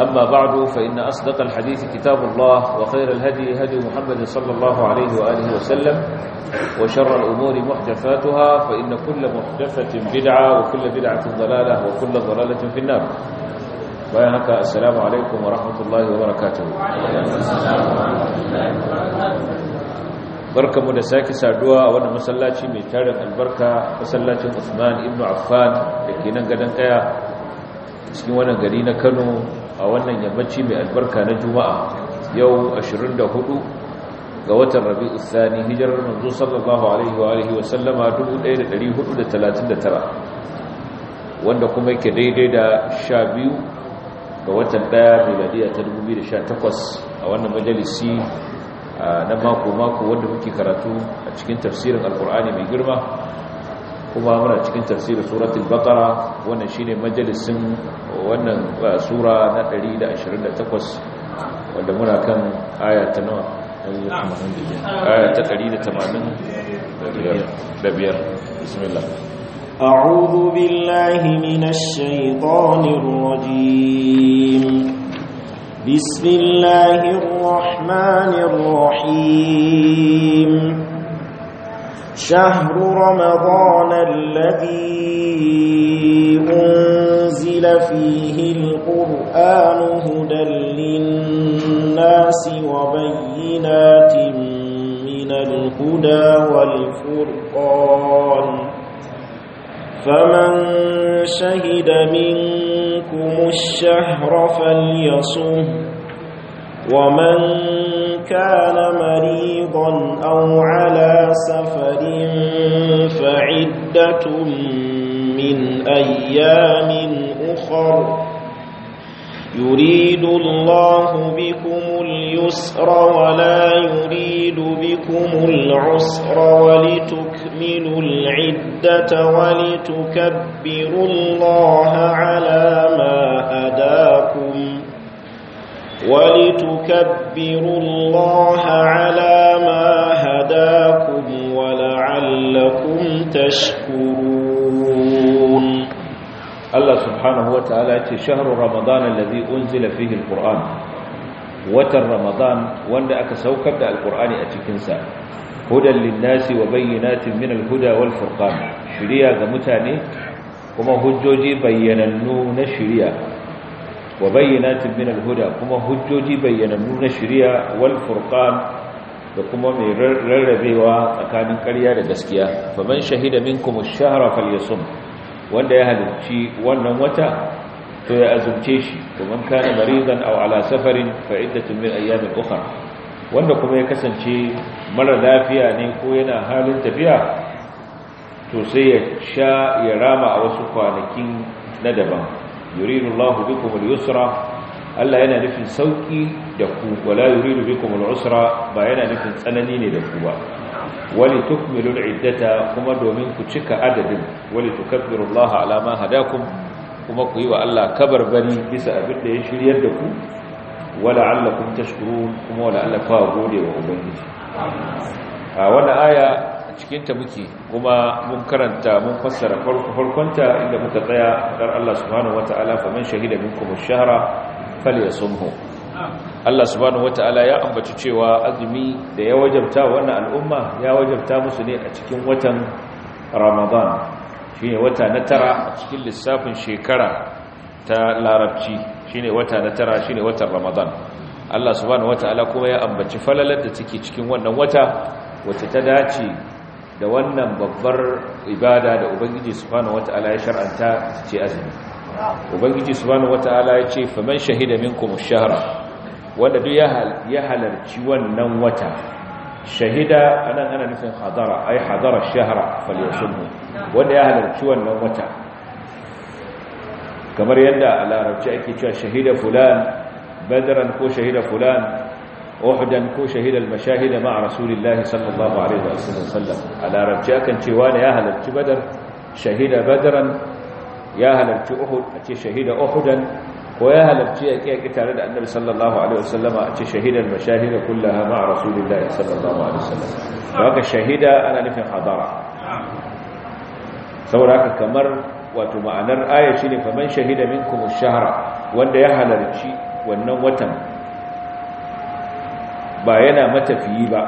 أما بعد فإن أصدق الحديث كتاب الله وخير الهدي هدي محمد صلى الله عليه وآله وسلم وشر الأمور محدثاتها فإن كل محدثة بدعة وكل بدعة ضلالة وكل ضلالة في النار بيانك السلام عليكم ورحمة الله وبركاته بركة مدساك سعدوا وانا مسلاتي ميتارك البركة مسلاتي عثمان ابن عفان لكي ننقل ننقيا cikin wannan gari na Kano a wannan yammaci mai albarka na juma'a yau 24 ga watan rabi'u thani hijirar manzo sallallahu alaihi wa alihi wa sallama 1439 wanda kuma yake daidai da 12 ga watan 1 miladiya ta 2018 a wannan majalisi na mako mako wanda muke karatu a cikin tafsirin alkur'ani mai girma kuma muna cikin tafsirin suratul baqara wannan shine majalisin wannan sura na 128 wanda muna kan aya ta nawa aya ta 185 bismillah أعوذ بالله من الشيطان الرجيم بسم الله الرحمن الرحيم شهر رمضان الذي أنزل فيه القرآن هدى للناس وبينات من الهدى والفرقان فمن شهد منكم الشهر فليصم ومن كان مريضا أو على سفر فعدة من أيام أخر يريد الله بكم اليسر ولا يريد بكم العسر ولتكملوا العدة ولتكبروا الله على ما ولتكبروا الله على ما هداكم ولعلكم تشكرون الله سبحانه وتعالى شهر رمضان الذي أنزل فيه القرآن watan ramadan wanda aka saukar da Alƙur'ani a cikinsa hudan linnasi wa bayyinatin min alhuda wal shiriya ga mutane kuma hujjoji bayyanannu na shiriya wa bayyanatin min al-huda kuma hujjoji bayyana na shari'a wal furqan da kuma mai rarrabewa tsakanin ƙarya da gaskiya faman shahida minkum ash-shahra falyasum wanda ya halarci wannan wata to ya azumce shi kuma kana maridan aw ala safarin fa iddatun min ayyamin ukhra wanda kuma ya kasance mara lafiya ne ko yana halin tafiya to sai ya sha ya rama a wasu kwanakin na daban yuridu Allah bikum al-yusra Allah yana nufin sauki da ku wala yuridu bikum al-usra ba yana nufin tsanani ne da ku ba wali tukmilu al-iddata kuma domin ku cika adadin wali tukabbiru Allah ala ma hadakum kuma ku yi wa Allah kabarbani bisa abin da ya shiryar da ku wala allakum tashkurun kuma wala allakum gode wa ubangiji a wannan aya cikinta muke kuma mun karanta mun fassara farkonta inda muka tsaya dar Allah subhanahu wata'ala faman shahida minkum ash-shahra falyasumhu Allah subhanahu wata'ala ya ambaci cewa azumi da ya wajabta wannan al'umma ya wajabta musu ne a cikin watan Ramadan shine wata na tara a cikin lissafin shekara ta larabci shine wata na tara shine watan Ramadan Allah subhanahu wata'ala kuma ya ambaci falalar da take cikin wannan wata wacce ta dace da wannan babbar ibada da ubangiji subhanahu wata'ala ya shar'anta ce azumi ubangiji subhanahu wata'ala ya ce fa man shahida minkum ash-shahra wanda duk ya halarci wannan wata shahida anan ana nufin hadara ai hadara ash-shahra falyasumhu wanda ya halarci wannan wata kamar yadda a larabci ake cewa shahida fulan badran ko shahida fulan uhudan ko shahidal mashahida ma rasulillahi sallallahu alaihi wasallam a larabci akan cewa ne ya halarci badar shahida badran ya halarci uhud a ce shahida ko ya halarci yaƙi tare da annabi sallallahu alaihi wasallam a ce shahidal mashahida kullaha ma rasulillahi sallallahu alaihi wasallam shahida ana nufin hadara saboda kamar wato ma'anar aya shine faman shahida minkum ash-shahra wanda ya halarci wannan watan ba yana matafiyi ba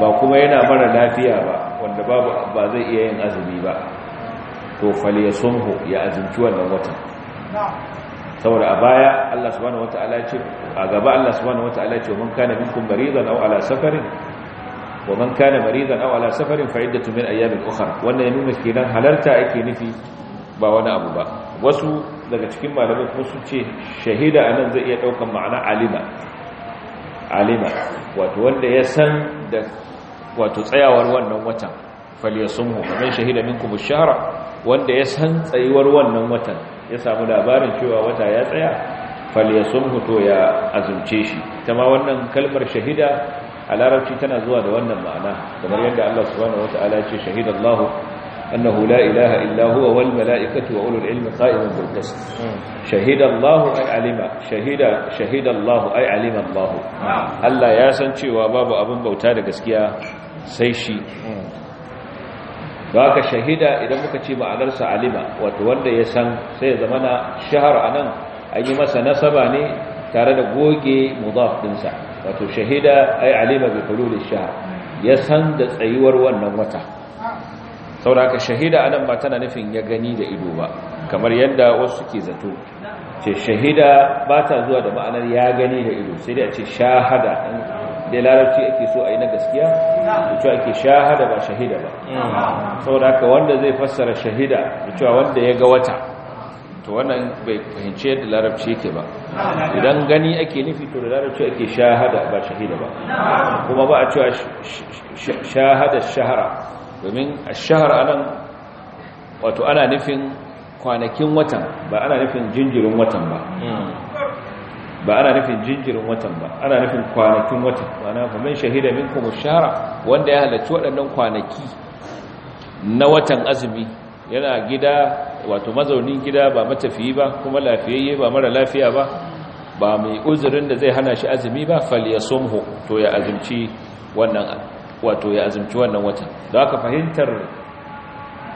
ba kuma yana mara lafiya ba wanda babu ba zai iya yin azumi ba to fali ya azumci wannan watan saboda a baya Allah subhanahu wataala ce a gaba Allah subhanahu wataala ce man kana minkum maridan aw ala safarin wa man kana maridan aw ala safarin fa iddatu min ayamin ukhra wannan yana nuna kenan halarta ake nufi ba wani abu ba wasu daga cikin malamai kuma su ce shahida anan zai iya daukan ma'ana alima alima wato wanda ya san da wato tsayawar wannan watan falyasumhu shahida minkum ash-shahra wanda ya san tsayuwar wannan watan ya samu labarin cewa wata ya tsaya falyasumhu to ya azumce shi ma wannan kalmar shahida a larabci tana zuwa da wannan ma'ana kamar yadda Allah subhanahu wata'ala ya ce shahidallahu أنه لا إله إلا هو والملائكة وأولو العلم قائما بالقسط شهد الله أي علم شهد شهد الله أي علم الله ألا ياسن شوى أبن بوتان قسكيا سيشي haka shahida idan muka ce ma'anarsa alima wato wanda ya san sai ya zamana shahar anan an yi masa nasaba ne tare da goge mudaf dinsa wato shahida ay alima bi hulul shahr ya san da tsayuwar wannan wata sauraka shahida anan ba tana nufin ya gani da ido ba kamar yadda wasu ke zato ce shahida ba ta zuwa da ma'anar ya gani da ido sai dai a ce shahada da larabci ake so a yi na gaskiya da cewa ake shahada ba shahida ba sauraka wanda zai fassara shahida da cewa wanda ya ga wata to wannan bai fahimci yadda larabci yake ba idan gani ake nufi to da larabci ake shahada ba shahida ba kuma ba a cewa shahada shahara domin a shahar anan wato ana nufin kwanakin watan ba ana nufin jinjirin watan ba ba ana nufin jinjirin watan ba ana nufin kwanakin watan mana famin shahida kuma shahara wanda ya halarci waɗannan kwanaki na watan azumi yana gida wato mazaunin gida ba matafiye ba kuma lafiyayye ba mara lafiya ba ba mai uzurin da zai hana shi azumi ba falyasumhu to ya azumci wannan wato ya azumci wannan watan da aka fahimtar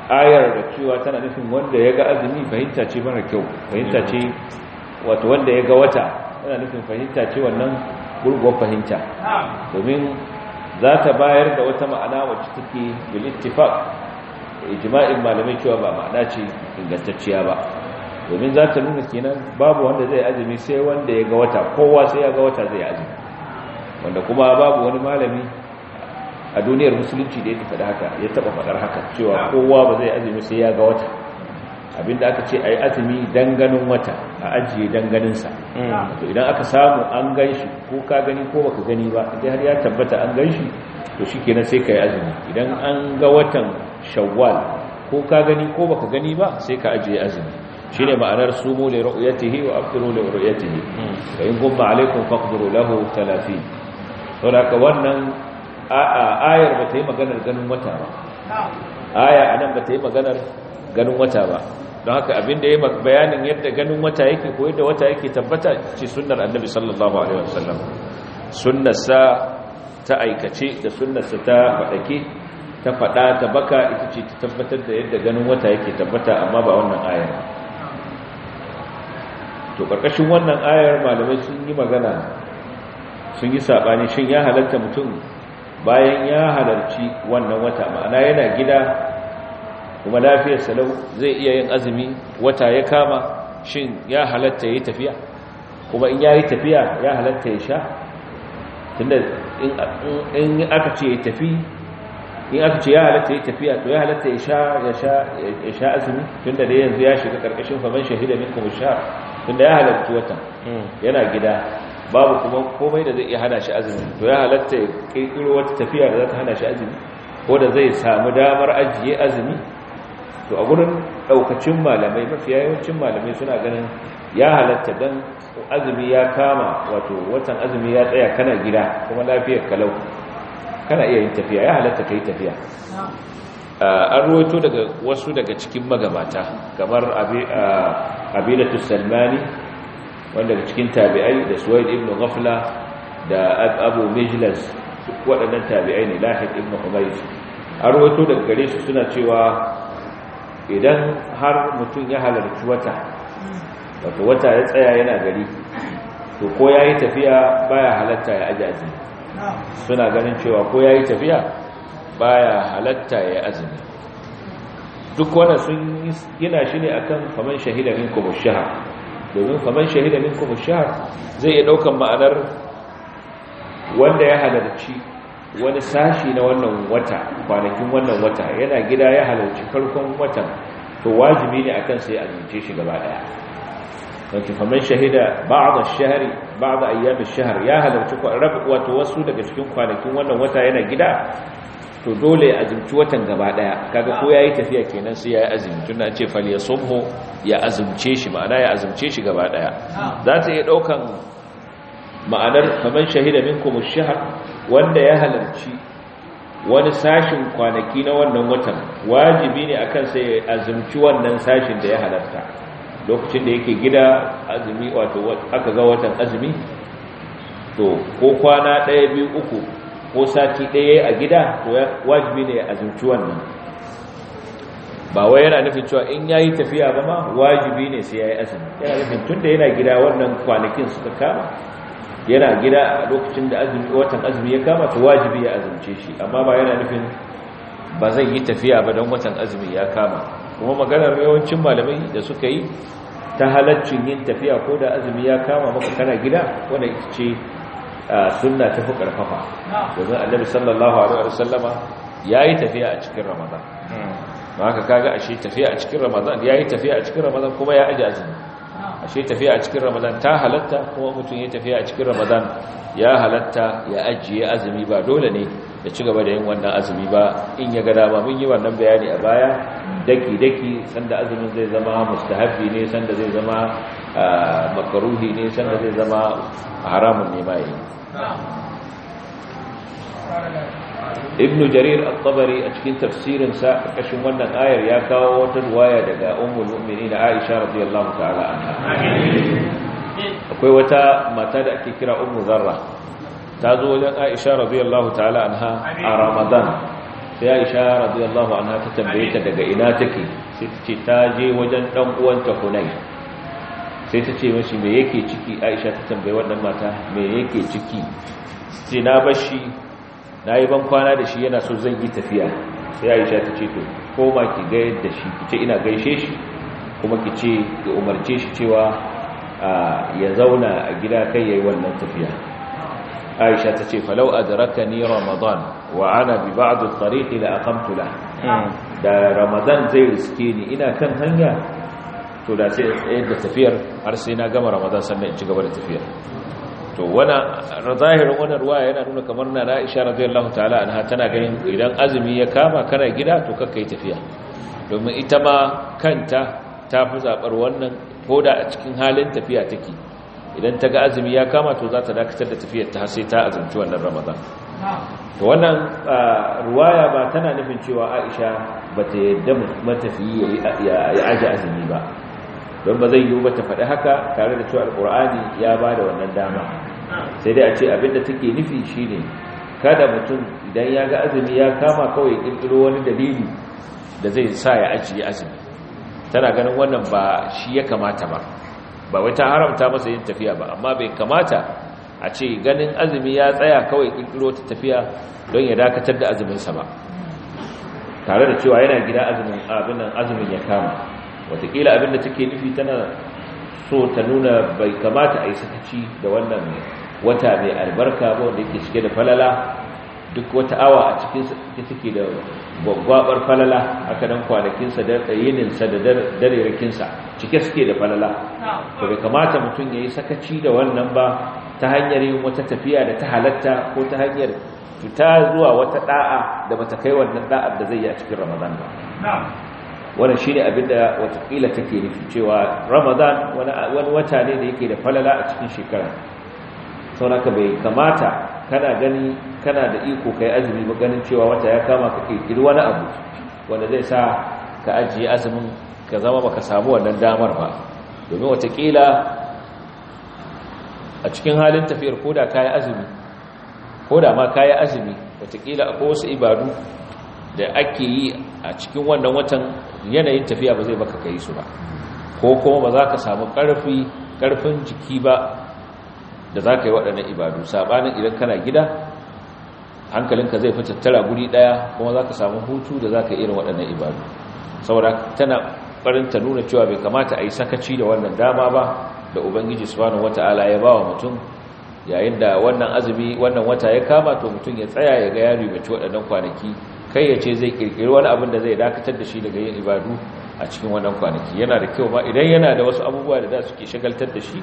ayar da cewa tana nufin wanda ya ga azumi fahimta ce mara kyau fahimta ce wato wanda ya ga wata tana nufin fahimta ce wannan gurguwar fahimta domin za ta bayar da wata ma'ana wacce take bilittifak ittifaq malamai cewa ba ma'ana ce ingantacciya ba domin za ta nuna kenan babu wanda zai azumi sai wanda ya ga wata kowa sai ya ga wata zai azumi wanda kuma babu wani malami a duniyar musulunci da ya faɗa haka ya taba faɗar haka cewa kowa ba zai azumi sai ya ga wata abinda aka ce a yi azumi danganin wata a ajiye danganinsa to idan aka samu an gan shi ko ka gani ko baka gani ba idan har ya tabbata an gan shi to shi sai ka yi azumi idan an ga watan shawwal ko ka gani ko baka gani ba sai ka ajiye azumi shi ne ma'anar sumo le ru'yatihi wa aftiru le ru'yatihi fa in gumma alaikum faqduru lahu 30 to da ka wannan 'a ayar ba ta yi maganar ganin wata ba aya anan ba ta yi maganar ganin wata ba don haka abin da ya yi bayanin yadda ganin wata yake ko da wata yake tabbata ce sunar annabi sallallahu alaihi wasallam sunnarsa ta aikace da sunnarsa ta faɗake ta faɗa ta baka ita ce ta tabbatar da yadda ganin wata yake tabbata amma ba wannan ayar to ƙarƙashin wannan ayar malamai sun yi magana sun yi saɓani shin ya halatta mutum bayan ya halarci wannan wata ma'ana yana gida kuma lafiyar salau zai iya yin azumi wata ya kama shin ya halatta ya tafiya kuma in ya yi tafiya ya halatta ya sha tunda in aka ce ya tafi in aka ce ya halatta ya tafiya to ya halatta ya sha ya sha azumi tunda da yanzu ya shiga karkashin faman shahida min kuma sha tunda ya halatta wata hmm. yana gida babu kuma komai da zai iya hana shi azumi to ya halatta ya kirkiro wata tafiya da za hana shi azumi ko da zai samu damar ajiye azumi to a gurin daukacin malamai mafiya yawancin malamai suna ganin ya halatta dan azumi ya kama wato watan azumi ya tsaya kana gida kuma lafiyar kalau kana iya yin tafiya ya halatta kai tafiya ah, an ruwaito daga wasu daga cikin magabata kamar abinatu ah, salmani wanda cikin tabi'ai da suwaid ibn ghafla da abu mijlas waɗannan tabi'ai ne lahid ibn humayr an rawaito daga gare su suna cewa idan har mutum ya halarci wata wato wata ya tsaya yana gari to ko ya yi tafiya baya halatta ya ajazi suna ganin cewa ko ya yi tafiya baya halatta ya azumi duk wannan sun gina shi ne akan faman shahida minkum ash domin kamar shahida min kuma shahar zai iya ɗaukan ma'anar wanda ya halarci wani sashi na wannan wata kwanakin wannan wata yana gida ya halarci farkon watan to wajibi ne akan sai azumce shi gaba daya wato kamar shahida ba'd ash-shahr ba'd ayyam ash-shahr ya halarci wato wasu daga cikin kwanakin wannan wata yana gida to dole ya azumci watan gaba daya kaga ko yayi tafiya kenan sai yayi azumi tunda an ce falyasumhu ya azumce shi ma'ana ya azumce shi gaba daya za ta iya daukan ma'anar kaman shahida minkum ash-shahr wanda ya halarci wani sashin kwanaki na wannan watan wajibi ne akan sai ya azumci wannan sashin da ya halarta lokacin da yake gida azumi wato aka ga watan azumi to ko kwana 1 2 3 ko sati ɗaya a gida to wajibi ne a zuci wannan ba wai yana nufin cewa in ya yi tafiya ba ma wajibi ne sai ya yi azumi yana nufin tun da yana gida wannan kwanakin suka kama yana gida a lokacin da azumi watan azumi ya kama to wajibi ya azumce shi amma ba yana nufin ba zai yi tafiya ba don watan azumi ya kama kuma maganar yawancin malamai da suka yi ta halaccin yin tafiya ko da azumi ya kama maka kana gida wanda ce sunna ta fi karfafa domin annabi sallallahu alaihi wasallama yi tafiya a cikin ramadan haka kaga ashe tafiya a cikin ramadan yi tafiya a cikin ramadan kuma ya aje azumi ashe tafiya a cikin ramadan ta halatta kuma mutum ya tafiya a cikin ramadan ya halatta ya ajiye azumi ba dole ne ya ci gaba da yin wannan azumi ba in ya ga dama mun yi wannan bayani a baya daki daki sanda azumin zai zama mustahabbi ne sanda zai zama makaruhi ne sanda zai zama haramun ne mai ibnu jarir at-tabari a cikin tafsirin sa kashin wannan ayar ya kawo wata ruwaya daga ummul da Aisha radiyallahu ta'ala anha akwai wata mata da ake kira ummu zarra ta zo wajen Aisha radiyallahu ta'ala anha a Ramadan sai Aisha radiyallahu anha ta tambaye ta daga ina take sai ta ce ta je wajen dan uwanta Hunay sai ta ce mashi me yake ciki aisha ta tambayi waɗannan mata me yake ciki Sai na bashi na yi ban kwana da shi yana so zan yi tafiya sai aisha ta ce to koma ki ga yadda shi ki ce ina gaishe shi kuma ki ce ki umarce shi cewa ya zauna a gida kai yayi wannan tafiya aisha ta ce falau adrakani ramadan wa ana bi ba'd at-tariq la aqamtu la hmm. da ramadan zai riske ni ina kan hanya to da sai tsayar da tafiyar har sai na gama ramadan sannan in ci gaba da tafiyar to wana zahirin wani ruwa yana nuna kamar na Aisha radiyallahu ta'ala anha tana ganin idan azumi ya kama kana gida to kakkai tafiya domin ita ma kanta ta fi zabar wannan da a cikin halin tafiya take idan ta ga azumi ya kama to za ta dakatar da tafiyar ta sai ta azumci wannan Ramadan to wannan ruwaya ba tana nufin cewa Aisha ba bata yadda matafiyi ya aje azumi ba don ba zai yiwu ba ta faɗi haka tare da cewa alƙur'ani ya ba da wannan dama sai dai a ce abinda take nufi shi ne, kada mutum idan ya ga azumi ya kama kawai ƙirƙiro wani dalili da zai sa ya ajiye azumi tana ganin wannan ba shi ya kamata ba ba wai ta haramta masa yin tafiya ba amma bai kamata a ce ganin azumi ya tsaya kawai ƙirƙiro ta tafiya don ya dakatar da azuminsa ba tare da cewa yana gida azumin abin nan azumin ya kama watakila abin da take nufi tana so ta nuna bai kamata a yi sakaci da wannan wata mai albarka ba wanda yake cike da falala duk wata awa a cikin take da gwaggwabar falala haka nan kwanakinsa da yininsa da darerakinsa cike suke da falala to bai kamata mutum ya yi sakaci da wannan ba ta hanyar yin wata tafiya da ta halatta ko ta hanyar fita zuwa wata da'a da bata kai wannan da'ar da zai yi a cikin ramadan ba wannan shine da watakila take nufi cewa ramadan wani wata ne da yake da falala a cikin shekara sauraka bai kamata kana gani kana da iko kai azumi ba ganin cewa wata ya kama kake kirkiri wani abu wanda zai sa ka ajiye azumin ka zama ba ka samu wannan damar ba domin watakila a cikin halin tafiyar koda yi azumi koda ma kayi azumi watakila akwai wasu ibadu da ake yi a cikin wannan watan yanayin tafiya ba zai baka kai su ba ko kuma ba za ka samu ƙarfi ƙarfin jiki ba da za ka yi waɗannan ibadu saɓanin idan kana gida hankalinka zai fi tattara guri ɗaya kuma za ka samu hutu da za ka irin waɗannan ibadu saboda tana ta nuna cewa bai kamata a yi sakaci da wannan dama ba da ubangiji subhanahu wata'ala ya ba wa mutum yayin da wannan azumi wannan wata ya kama to mutum ya tsaya ya ga yari ci waɗannan kwanaki kai ya ce zai kirkiri wani abin da zai dakatar da shi daga yin ibadu a cikin wannan kwanaki yana da kyau ba idan yana da wasu abubuwa da za suke shagaltar da shi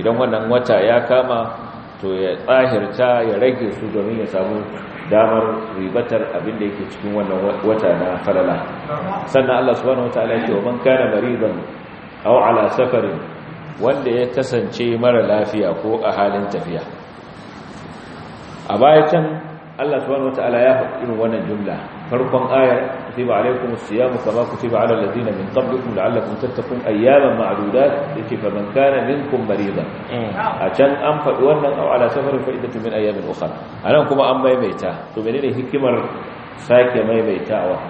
idan wannan wata ya kama to ya tsahirta ya rage su domin ya samu damar ribatar abin da yake cikin wannan wata na falala sannan Allah subhanahu wataala ya ce kana maridan aw ala safarin wanda ya kasance mara lafiya ko a halin tafiya a bayan Allah subhanahu wataala ya faɗi irin wannan jumla farkon ayar kutiba alaykumus siyamu kama kutiba ala ladina min qablikum la'allakum tattaqun ayyaman ma'dudat yace fa man kana minkum maridan mm. a can an faɗi wannan aw ala safarin fa iddatu min ayyamin ukhra anan kuma an maimaita to menene hikimar sake maimaitawa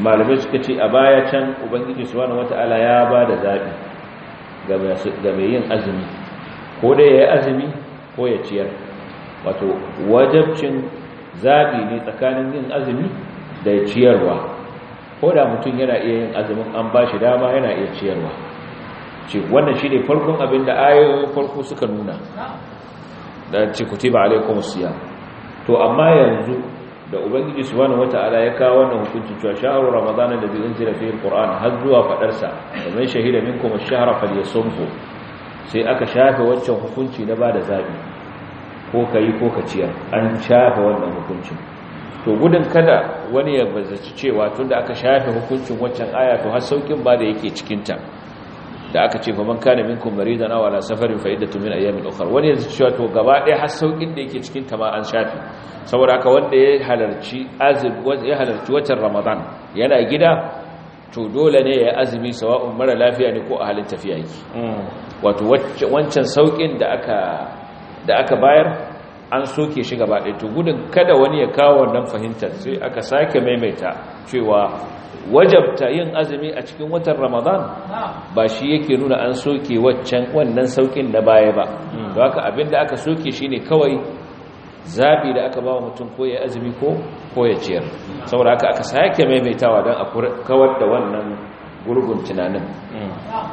malamai suka ce a baya can ubangiji subhanahu wataala ya ba da zabi ga mai yin azumi ko dai yayi azumi ko ya ciyar wato wajabcin zabi ne tsakanin yin azumi da ciyarwa ko da mutum yana iya yin azumin an ba shi dama yana iya ciyarwa ce wannan shi ne farkon abin da ayoyin farko suka nuna da ce kutiba alaikum siyam to amma yanzu da ubangiji su wata ala ya kawo wannan hukuncin cewa shahru ramadana da bi unzila fihi alquran har zuwa fadar sa mai shahida minkum ash-shahra falyasumhu sai aka shafe wancan hukunci na ba da zabi ko ka yi ko ka ciyar an shafe wannan hukuncin to gudun kada wani ya bazaci cewa tun da aka shafe hukuncin waccan aya to har saukin ba da yake cikinta da aka ce fa man kana minkum maridan aw ala safarin fa iddatu min ayamin ukhra wani ya cewa to gaba ɗaya har saukin da yake cikin ta ma an shafi saboda haka wanda ya halarci azib ya halarci watan ramadan yana gida to dole ne ya azumi sawa'un mara lafiya ne ko a halin tafiya yake mm. wato wancan saukin da aka da aka bayar an soke shi gaba ɗaya to gudun kada wani ya kawo wannan fahimtar sai aka sake maimaita cewa wajabta yin azumi a cikin watan ramadan ba shi yake nuna an soke waccan wannan saukin da baya ba to hmm. haka da aka soke shi ne kawai zaɓi da aka ba wa mutum ko ya azumi ko ko ya ciyar saboda haka aka sake maimaitawa don a kawar da wannan gurgun tunanin hmm. ah.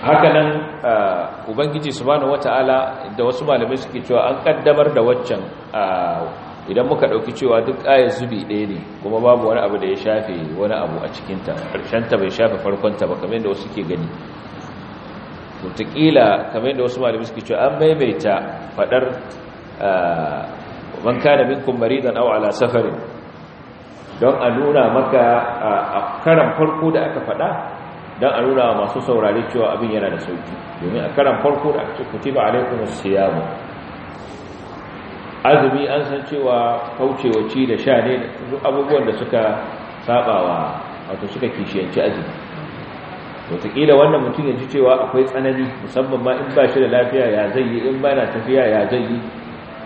hakanan uh, ubangiji subhanahu wata'ala da wasu malamai suke cewa an kaddamar da waccan uh, idan muka dauki cewa duk ayar zubi ɗaya ne kuma babu wani abu da ya shafe wani abu a cikinta ta bai shafe farkon ta ba kamar yadda wasu ke gani wataƙila kamar yadda wasu malamai suke cewa an maimaita faɗar uh, man kana minkum maridan aw ala safarin don a nuna maka a karan farko da aka faɗa don a nuna masu saurari cewa abin yana da sauki domin a karan farko da ake kutiba alaikum siyamu azumi an san cewa kaucewa ci da sha ne abubuwan da suka sabawa wato suka kishiyanci azumi wataƙila wannan mutum ya ji cewa akwai tsanani musamman ma in ba shi da lafiya ya zai yi in ba na tafiya ya zai yi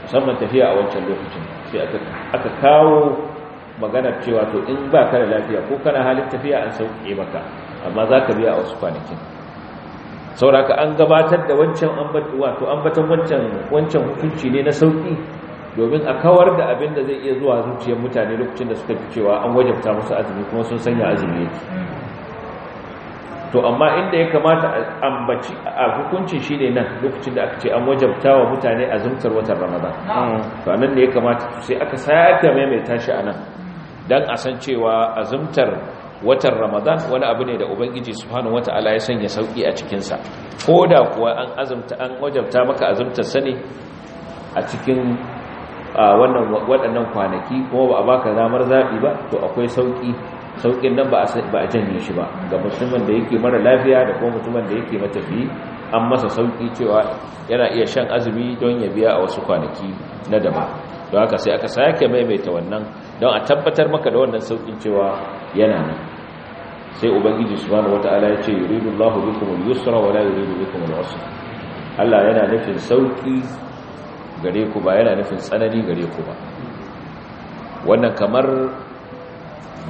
musamman tafiya a wancan lokacin sai aka kawo maganar cewa to in ba ka da lafiya ko kana halin tafiya an sauƙe maka amma za ka biya a wasu kwanakin sauraka an gabatar da wancan wato ambatan wancan wancan hukunci ne na sauki domin a kawar da abin da zai iya zuwa zuciyar mutane lokacin da suka fi cewa an wajabta musu azumi kuma sun sanya azumi yake to amma inda ya kamata a ambaci a hukuncin shi ne nan lokacin da aka ce an wajabta wa mutane azumtar watan ramadan to nan ne ya kamata sai aka da maimaita shi a nan don a san cewa azumtar watan ramadan wani abu ne da ubangiji subhanahu wataala ya sanya sauki a cikinsa ko da kuwa an azumta an wajabta maka azumtar sani a cikin waɗannan kwanaki kuma ba a baka damar zabi ba to akwai sauki saukin nan ba a janye shi ba ga musulman da yake mara lafiya da kuma mutumin da yake matafi an masa sauki cewa yana iya shan azumi don ya biya a wasu kwanaki na daba don haka sai aka sake maimaita wannan don a tabbatar maka da wannan saukin cewa yana nan sai ubangiji subhanahu wata'ala ya ce bikum al-yusra wa la yuridu bikum al-usra Allah yana nufin sauki gare ku ba yana nufin tsanani gare ku ba wannan kamar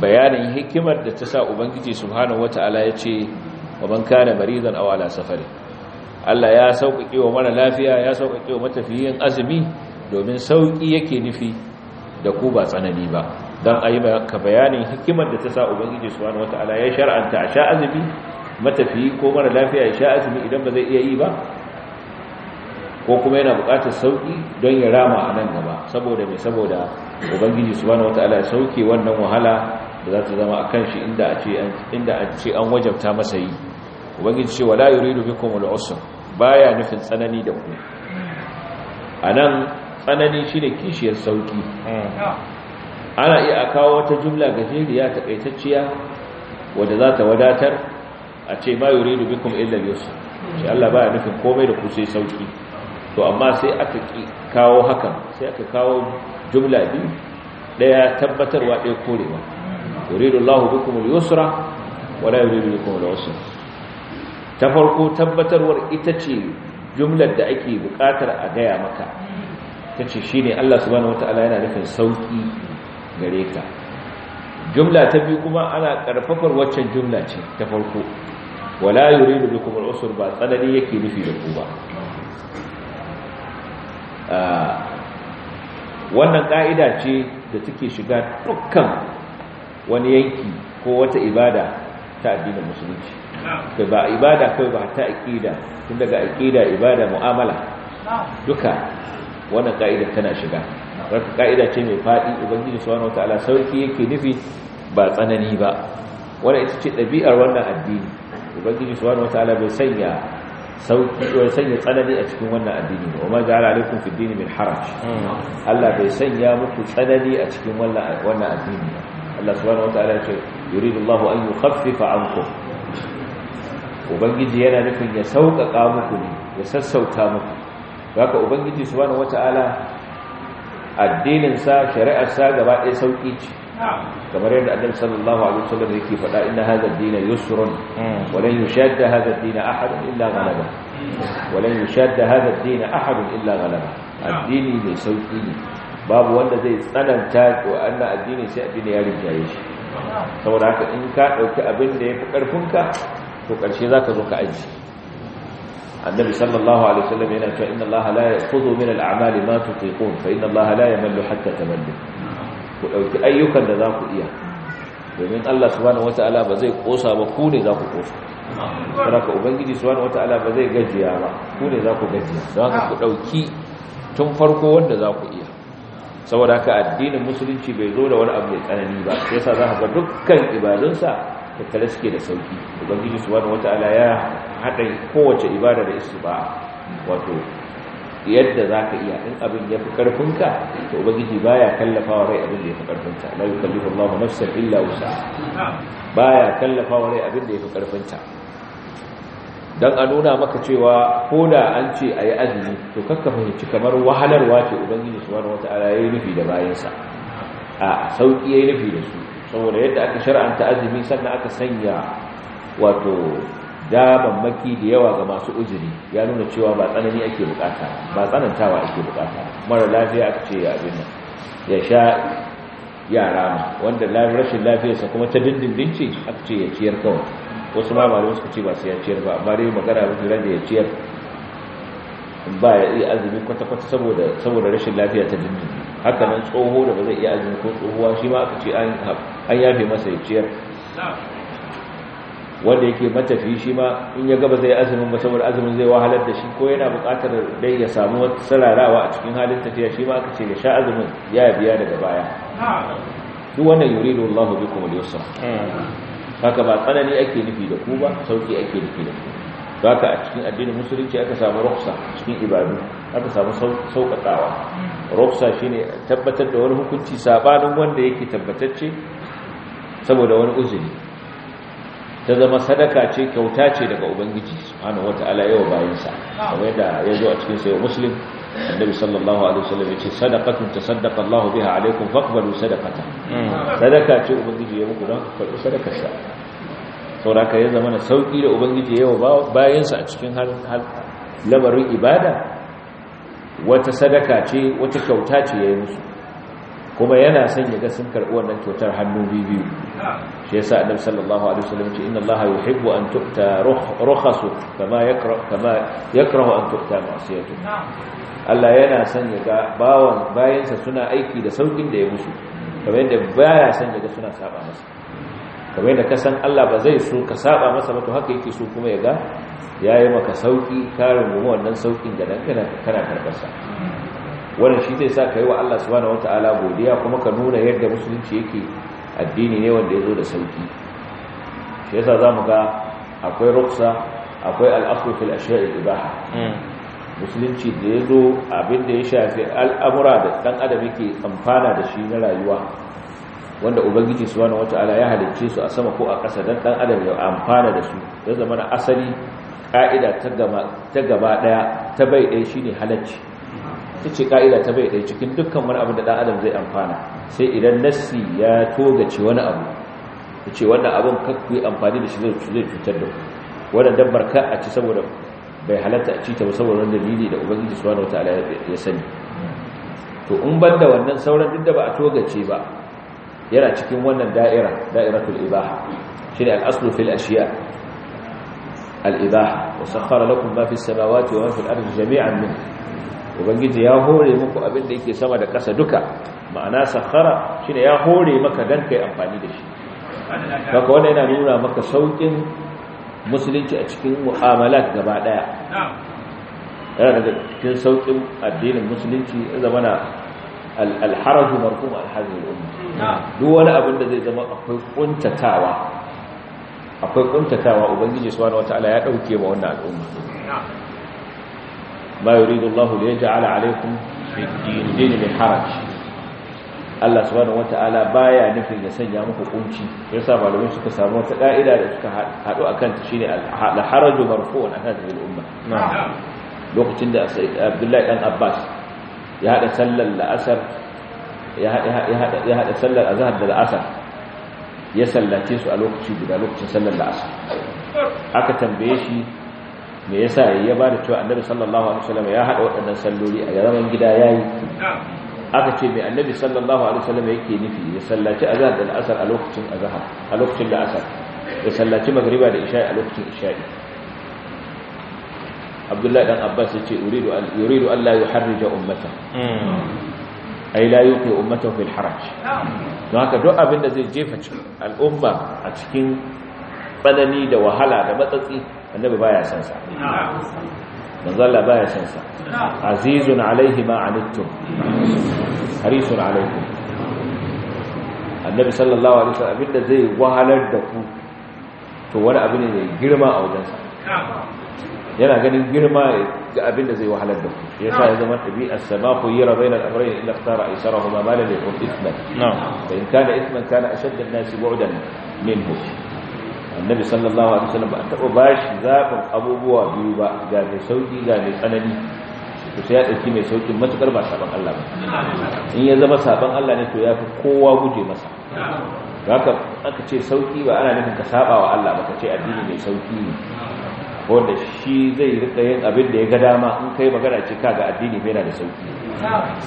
bayanin hikimar da ta sa ubangiji subhanahu wata'ala ya ce wa man kana maridan aw ala safari? Allah ya sauƙaƙe wa mara lafiya ya sauƙaƙe wa matafiyin azumi domin sauƙi yake nufi da ku ba tsanani ba don a yi ka bayanin hikimar da ta sa ubangiji subhanahu wata'ala ya shar'anta a sha azumi matafiyi ko mara lafiya ya sha azumi idan ba zai iya yi ba ko kuma yana buƙatar sauki don ya rama a nan gaba saboda mai saboda ubangiji subhanahu wata'ala ya sauke wannan wahala da za ta zama a kan shi inda a ce an wajabta masa yi ubangiji ce wala yuridu bikum al-usr baya nufin tsanani da ku anan tsanani shine kishiyar sauki hmm. ana iya kawo wata jumla gajeriya kaitacciya wadda za ta wadatar a ce ma yuridu bikum illa yusuf shi Allah baya nufin komai da kusa sai sauki to amma sai aka kawo hakan sai aka kawo jumla biyu daya tabbatarwa daya korewa yuridu Allah bikum al-yusra wala yuridu bikum al-usra ta farko tabbatarwar ita ce jumlar da ake bukatar a gaya maka ta ce shi ne Allah subhanahu wata ala yana nufin sauƙi gare ka jumla ta biyu kuma ana karfafar waccan jumla ce ta farko wala yuridu bikum al-usr ba tsanani yake nufi da ku ba wannan ka'ida ce da take shiga dukkan wani yanki ko wata ibada ta addinin musulunci kai ba ibada kai ba ta aqida tun daga aqida ibada mu'amala duka wannan ka'ida tana shiga zaka ka'ida ce mai faɗi ubangiji subhanahu wataala sauki yake nufi ba tsanani ba wannan ita ce ɗabi'ar wannan addini ubangiji subhanahu wataala bai sanya sauki bai sanya tsanani a cikin wannan addini ba amma ja'ala alaikum fid dini min haraj Allah bai sanya muku tsanani a cikin wannan wannan addini ba Allah subhanahu wataala ya ce yuridu Allahu an yukhaffifa ankum ubangiji yana nufin ya sauƙaƙa muku ne ya sassauta muku haka ubangiji subhanahu wataala addininsa shari'arsa gaba ɗaya sauƙi ce kamar yadda annabi sallallahu alaihi wasallam yake faɗa inna hadha ad-din yusrun wa lan yushadda hadha ad-din ahad illa ghalaba wa lan yushadda hadha ad-din ahad illa ghalaba addini mai sauƙi ne babu wanda zai tsananta to annan addini sai addini ya rinjaye shi saboda haka in ka dauki abin da yafi karfinka to karshe zaka zo ka aji annabi sallallahu alaihi wasallam yana cewa inna allaha la ya'khudhu min al-a'mali ma tutiqun fa inna allaha la yamallu hatta tamallu ku dauki ayyukan da za ku iya domin Allah subhanahu wataala ba zai kosa ba ku ne za ku Kada saboda ubangiji subhanahu wataala ba zai gajiya ba ku ne za ku gajiya don haka ku dauki tun farko wanda za ku iya saboda haka addinin musulunci bai zo da wani abu mai tsanani ba sai yasa za ka ga dukkan ibadunsa tattale suke da sauki ubangiji subhanahu wataala ya haɗa kowace ibada da ba. wato yadda za ka iya in abin ya fi ƙarfinka to ubangiji ya kallafa wa rai abin da ya fi ƙarfinta Na yi la yukallifu ma nafsan illa wusa ya kallafa wa rai abin da ya fi ƙarfinta Don a nuna maka cewa ko da an ce a yi azumi to kakka fahimci kamar wahalarwa ce ubangiji subhanahu wata'ala yi nufi da bayansa a ya yi nufi da su saboda yadda aka shar'anta azumi sannan aka sanya wato maki da yawa ga masu uzuri ya nuna cewa ba tsanani ake bukata ba tsanantawa ake bukata mara lafiya aka ce abin ya sha yara ma wanda rashin lafiyarsa kuma ta dindindin ce aka ce ya ciyar kawai wasu ma malamai suka ce ba su ya ciyar ba amma dai magana su da ya ciyar ba ya iya azumi kwata-kwata saboda rashin lafiya ta dindindin haka nan tsoho da ba zai iya azumi ko tsohuwa shi ma aka ce an yafe masa ya wanda yake matafi shi ma in ya gaba zai azumin ba saboda azumin zai wahalar da shi ko yana buƙatar dai ya samu wata sararawa a cikin halin tafiya shi ma aka ce ya sha azumin ya biya daga baya duk wannan yuridu Allahu bikum al-yusra hmm. haka ba tsanani ake nufi da ku ba sauki ake nufi da ku baka a cikin addinin musulunci aka samu ruksa cikin ibadu aka samu sauƙaƙawa ruksa shine tabbatar da wani hukunci saɓanin wanda yake tabbatacce saboda wani uzuri ta zama sadaka ce kyauta ce daga ubangiji subhanahu wataala yau bayansa kamar yadda ya zo a cikin sayo muslim annabi sallallahu alaihi wasallam ya ce sadaqatun tasaddaqa Allahu biha alaikum faqbalu sadaqata hmm. sadaka ce ubangiji ya muku don ku karbi sadakarsa sauraka ya zama na sauƙi da ubangiji yawa bayansa a cikin labarin ibada wata sadaka ce wata kyauta ce ya yi musu kuma yana son ya ga sun karɓi wannan kyautar hannu biyu shi yasa annabi sallallahu alaihi wasallam ce inna allaha yuhibbu an tu'ta rukhasu kama yakra kama yakrahu an tu'ta ma'siyatu Allah yana son ya ga bawan bayansa suna aiki da saukin da ya musu kamar yadda baya son ya ga suna saba masa kamar yadda ka san Allah ba zai so ka saba masa ba to haka yake so kuma ya ga yayi maka sauki karin goma wannan saukin da nan kana kana wannan shi zai sa ka yi wa Allah subhanahu wataala godiya kuma ka nuna yadda musulunci yake addini ne wanda ya zo da sauki shi yasa zamu ga akwai ruksa akwai al'afu fil ashiya'i ibaha hmm. musulunci da ya zo da ya shafi al'amura da ɗan adam yake amfana da shi na rayuwa wanda ubangiji subhanahu wataala ya halicce su a sama ko a ƙasa dan dan adam ya amfana da su da zama na asali ka'ida ta gaba ta gaba daya ta bai dai shine halacci tace ka'ida ta bai daya cikin dukkan wani abu da dan adam zai amfana sai idan nassi ya togace wani abu yace wannan abun kakkuyi amfani da shi zai cutar da ku wannan dabbar ka a ci saboda bai halatta a ci ta saboda wannan dalili da ubangiji subhanahu wataala ya sani to in banda wannan sauran duk da ba a togace ba yana cikin wannan da'ira da'iratul ibaha shine al-aslu fil ashiya al-ibaha wa sakhkhara lakum ma fis samawati wa fil ardi jami'an min ubangiji ya hore muku abin da yake sama da ƙasa duka ma'ana sakhara shine ya hore maka dan kai amfani da shi kaka wannan yana nuna maka saukin musulunci a cikin mu'amalat gaba daya yana da cikin saukin addinin musulunci zamana alharaju marhum alhazil al'umma. duk wani abin da zai zama akwai kuntatawa akwai kuntatawa ubangiji subhanahu wataala ya dauke ma wannan al'umma ma da ya li yaj'ala alaykum fi mai haraj Allah subhanahu wataala baya nufin ya sanya muku kunci yasa malamai suka samu wata ka'ida da suka a kanta, shi ne alharaju marfu'un alhazil al'umma. lokacin da Abdullahi Ɗan Abbas ya haɗa sallar la'asar ya haɗa sallar azahar da la'asar ya sallace su a lokaci guda lokacin sallar la'asar aka tambaye shi me yasa ya ba da cewa annabi sallallahu alaihi wasallam ya haɗa waɗannan salloli a zaman gida yayi aka ce me annabi sallallahu alaihi wasallam yake nufi ya sallace azahar da la'asar a lokacin azahar a lokacin la'asar ya sallace magriba da isha'i a lokacin isha'i abdullahi dan abbas ya ce yuridu an yuridu an la yuharrija ummata ay la yuqi ummata fil haraj don haka duk abin da zai jefa al'umma a cikin tsanani da wahala da matsatsi annabi baya san sa manzo Allah baya san sa azizun alaihi ma anittum harisun alaikum annabi sallallahu alaihi wasallam da zai wahalar da ku to wani abin ne mai girma a wajensa yana ganin girma ga abin da zai wahalar da ku ya sa ya zama ɗabi'ar sama ku yi rabai na ƙamurai illa tara a isara kuma malar da kun isman da in kana isman kana a shaddan nasi bu'udan min hu annabi sallallahu alaihi wasallam ba a taɓa ba shi zaɓin abubuwa biyu ba ga mai sauƙi ga mai tsanani to sai ya ɗauki mai sauƙi matuƙar ba saɓan Allah ba in ya zama saɓan Allah ne to ya fi kowa guje masa haka ka ce sauƙi ba ana nufin ka saɓa wa Allah ba ka ce addini mai sauƙi ne wanda shi zai rika yin abin da ya ga dama in kai magana ce ka ga addini bai da sauki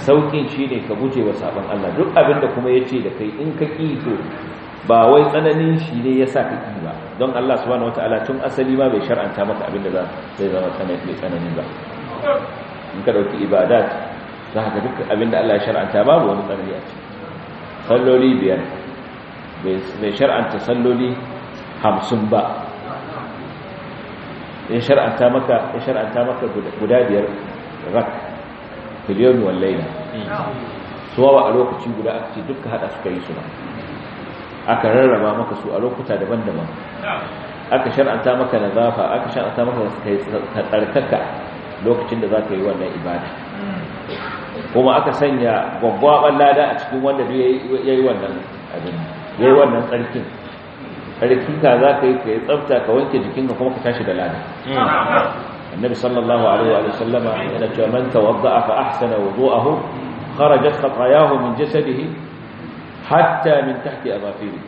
saukin shi ne ka guje wa sabon Allah duk abin da kuma ya ce da kai in ka ƙi to ba wai tsananin shi ne ya sa ka ƙi ba don Allah subhanahu wata'ala tun asali ma bai shar'anta maka abin da zai zama tsananin ba in ka ɗauki ibadat za ka duk abin da Allah ya shar'anta ba wani tsanani a ciki salloli biyar bai shar'anta salloli hamsin ba In shar'anta maka in shar'anta maka guda biyar rak filiyon wallaila suwa ba a lokaci guda aka ce duka hada suka yi suna aka rarraba maka su a lokuta daban-daban aka shar'anta maka zafa aka shar'anta maka tsarkaka lokacin da za ka yi wannan ibada kuma aka sanya gwaggwaban lada a cikin wanda ya yi wannan abin ya yi wannan tsarkin tsarkika za ka yi ka yi tsafta ka wanke jikinka kuma ka tashi da lada annabi sallallahu alaihi wa sallama yana cewa man tawadda'a fa ahsana wudu'ahu kharajat khatayahu min jasadihi hatta min tahti abafiri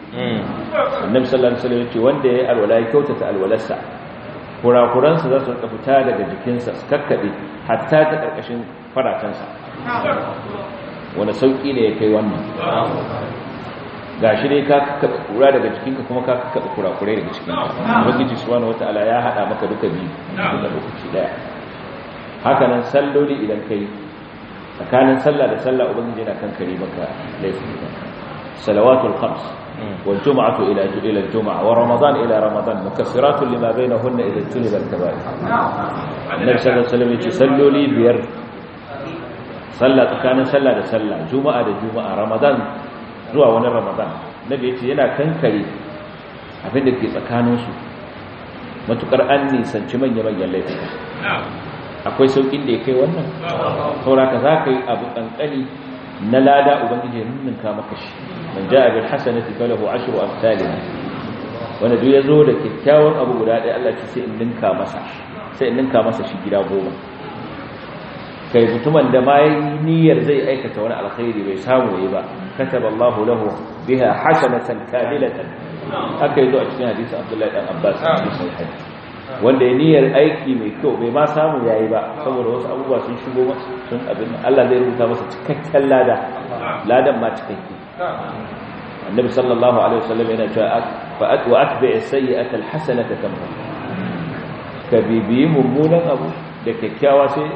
annabi sallallahu alaihi wa sallam yace wanda yayi alwala ya kyautata alwalarsa kurakuransa za su fita daga jikinsa su kakkaɓe hatta ta ƙarƙashin faratansa wani sauƙi ne ya kai wannan ga shi dai ka kakkaɓe kura daga cikinka kuma ka kakkaɓe kurakurai daga cikinka ubangiji suwana wata'ala ya haɗa maka duka biyu duka lokaci ɗaya haka salloli idan kai tsakanin sallah da sallah ubangiji na kan kare maka laifin salawatul khams mm. wal jum'atu ila ila jum'a wa ramadan ila ramadan mukassiratun lima bainahunna idza tunib al kaba'ir annabi sallallahu alaihi wasallam ce salloli biyar sallah tsakanin sallah da sallah juma'a da juma'a ramadan zuwa wani ramadan da ya ce yana kankare abin da ke tsakaninsu matukar an nisanci manya-manyan laifuka akwai saukin da ya kai wannan sauraka za ka yi abu kankani na lada ubangiji nunin kama kashi. man ja abin hasanati falahu a amsalina wanda duk ya zo da kyakkyawan abu guda ɗaya Allah ce sai in ninka masa sai in ninka masa shi gida goma kai mutumin da ma yi niyyar zai aikata wani alkhairi bai samu yi ba كتب الله له بها حسنة كاملة haka yanzu a cikin hadisin Abdullahi dan Abbas cikin sahihi wanda ya niyyar aiki mai kyau bai ma samu yayi ba saboda wasu abubuwa sun shigo sun abin Allah zai rubuta masa cikakken lada ladan ma cikakke annabi sallallahu alaihi wasallam yana cewa fa atwa atbi sayyi sayyiata al-hasanata kamma ka bibiyi mummunan abu da kyakkyawa sai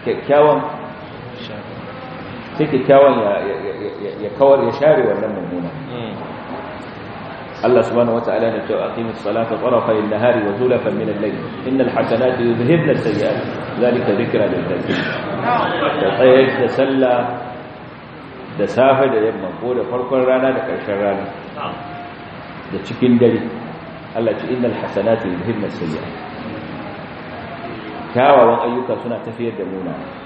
kyakkyawan sai kyakkyawan ya kawar ya share wannan mummuna hmm. Allah subhanahu wata'ala ne cewa aqimis salata tarafa al-nahari wa zulafan min al-layl innal hasanati yuzhibna as-sayyi'at zalika dhikra lil-dhakir da tsayar da sallah da safe da yamma ko da farkon rana da ƙarshen rana da cikin dare Allah ce innal hasanati yuzhibna as-sayyi'at kyawawan ayyuka suna tafiyar da munana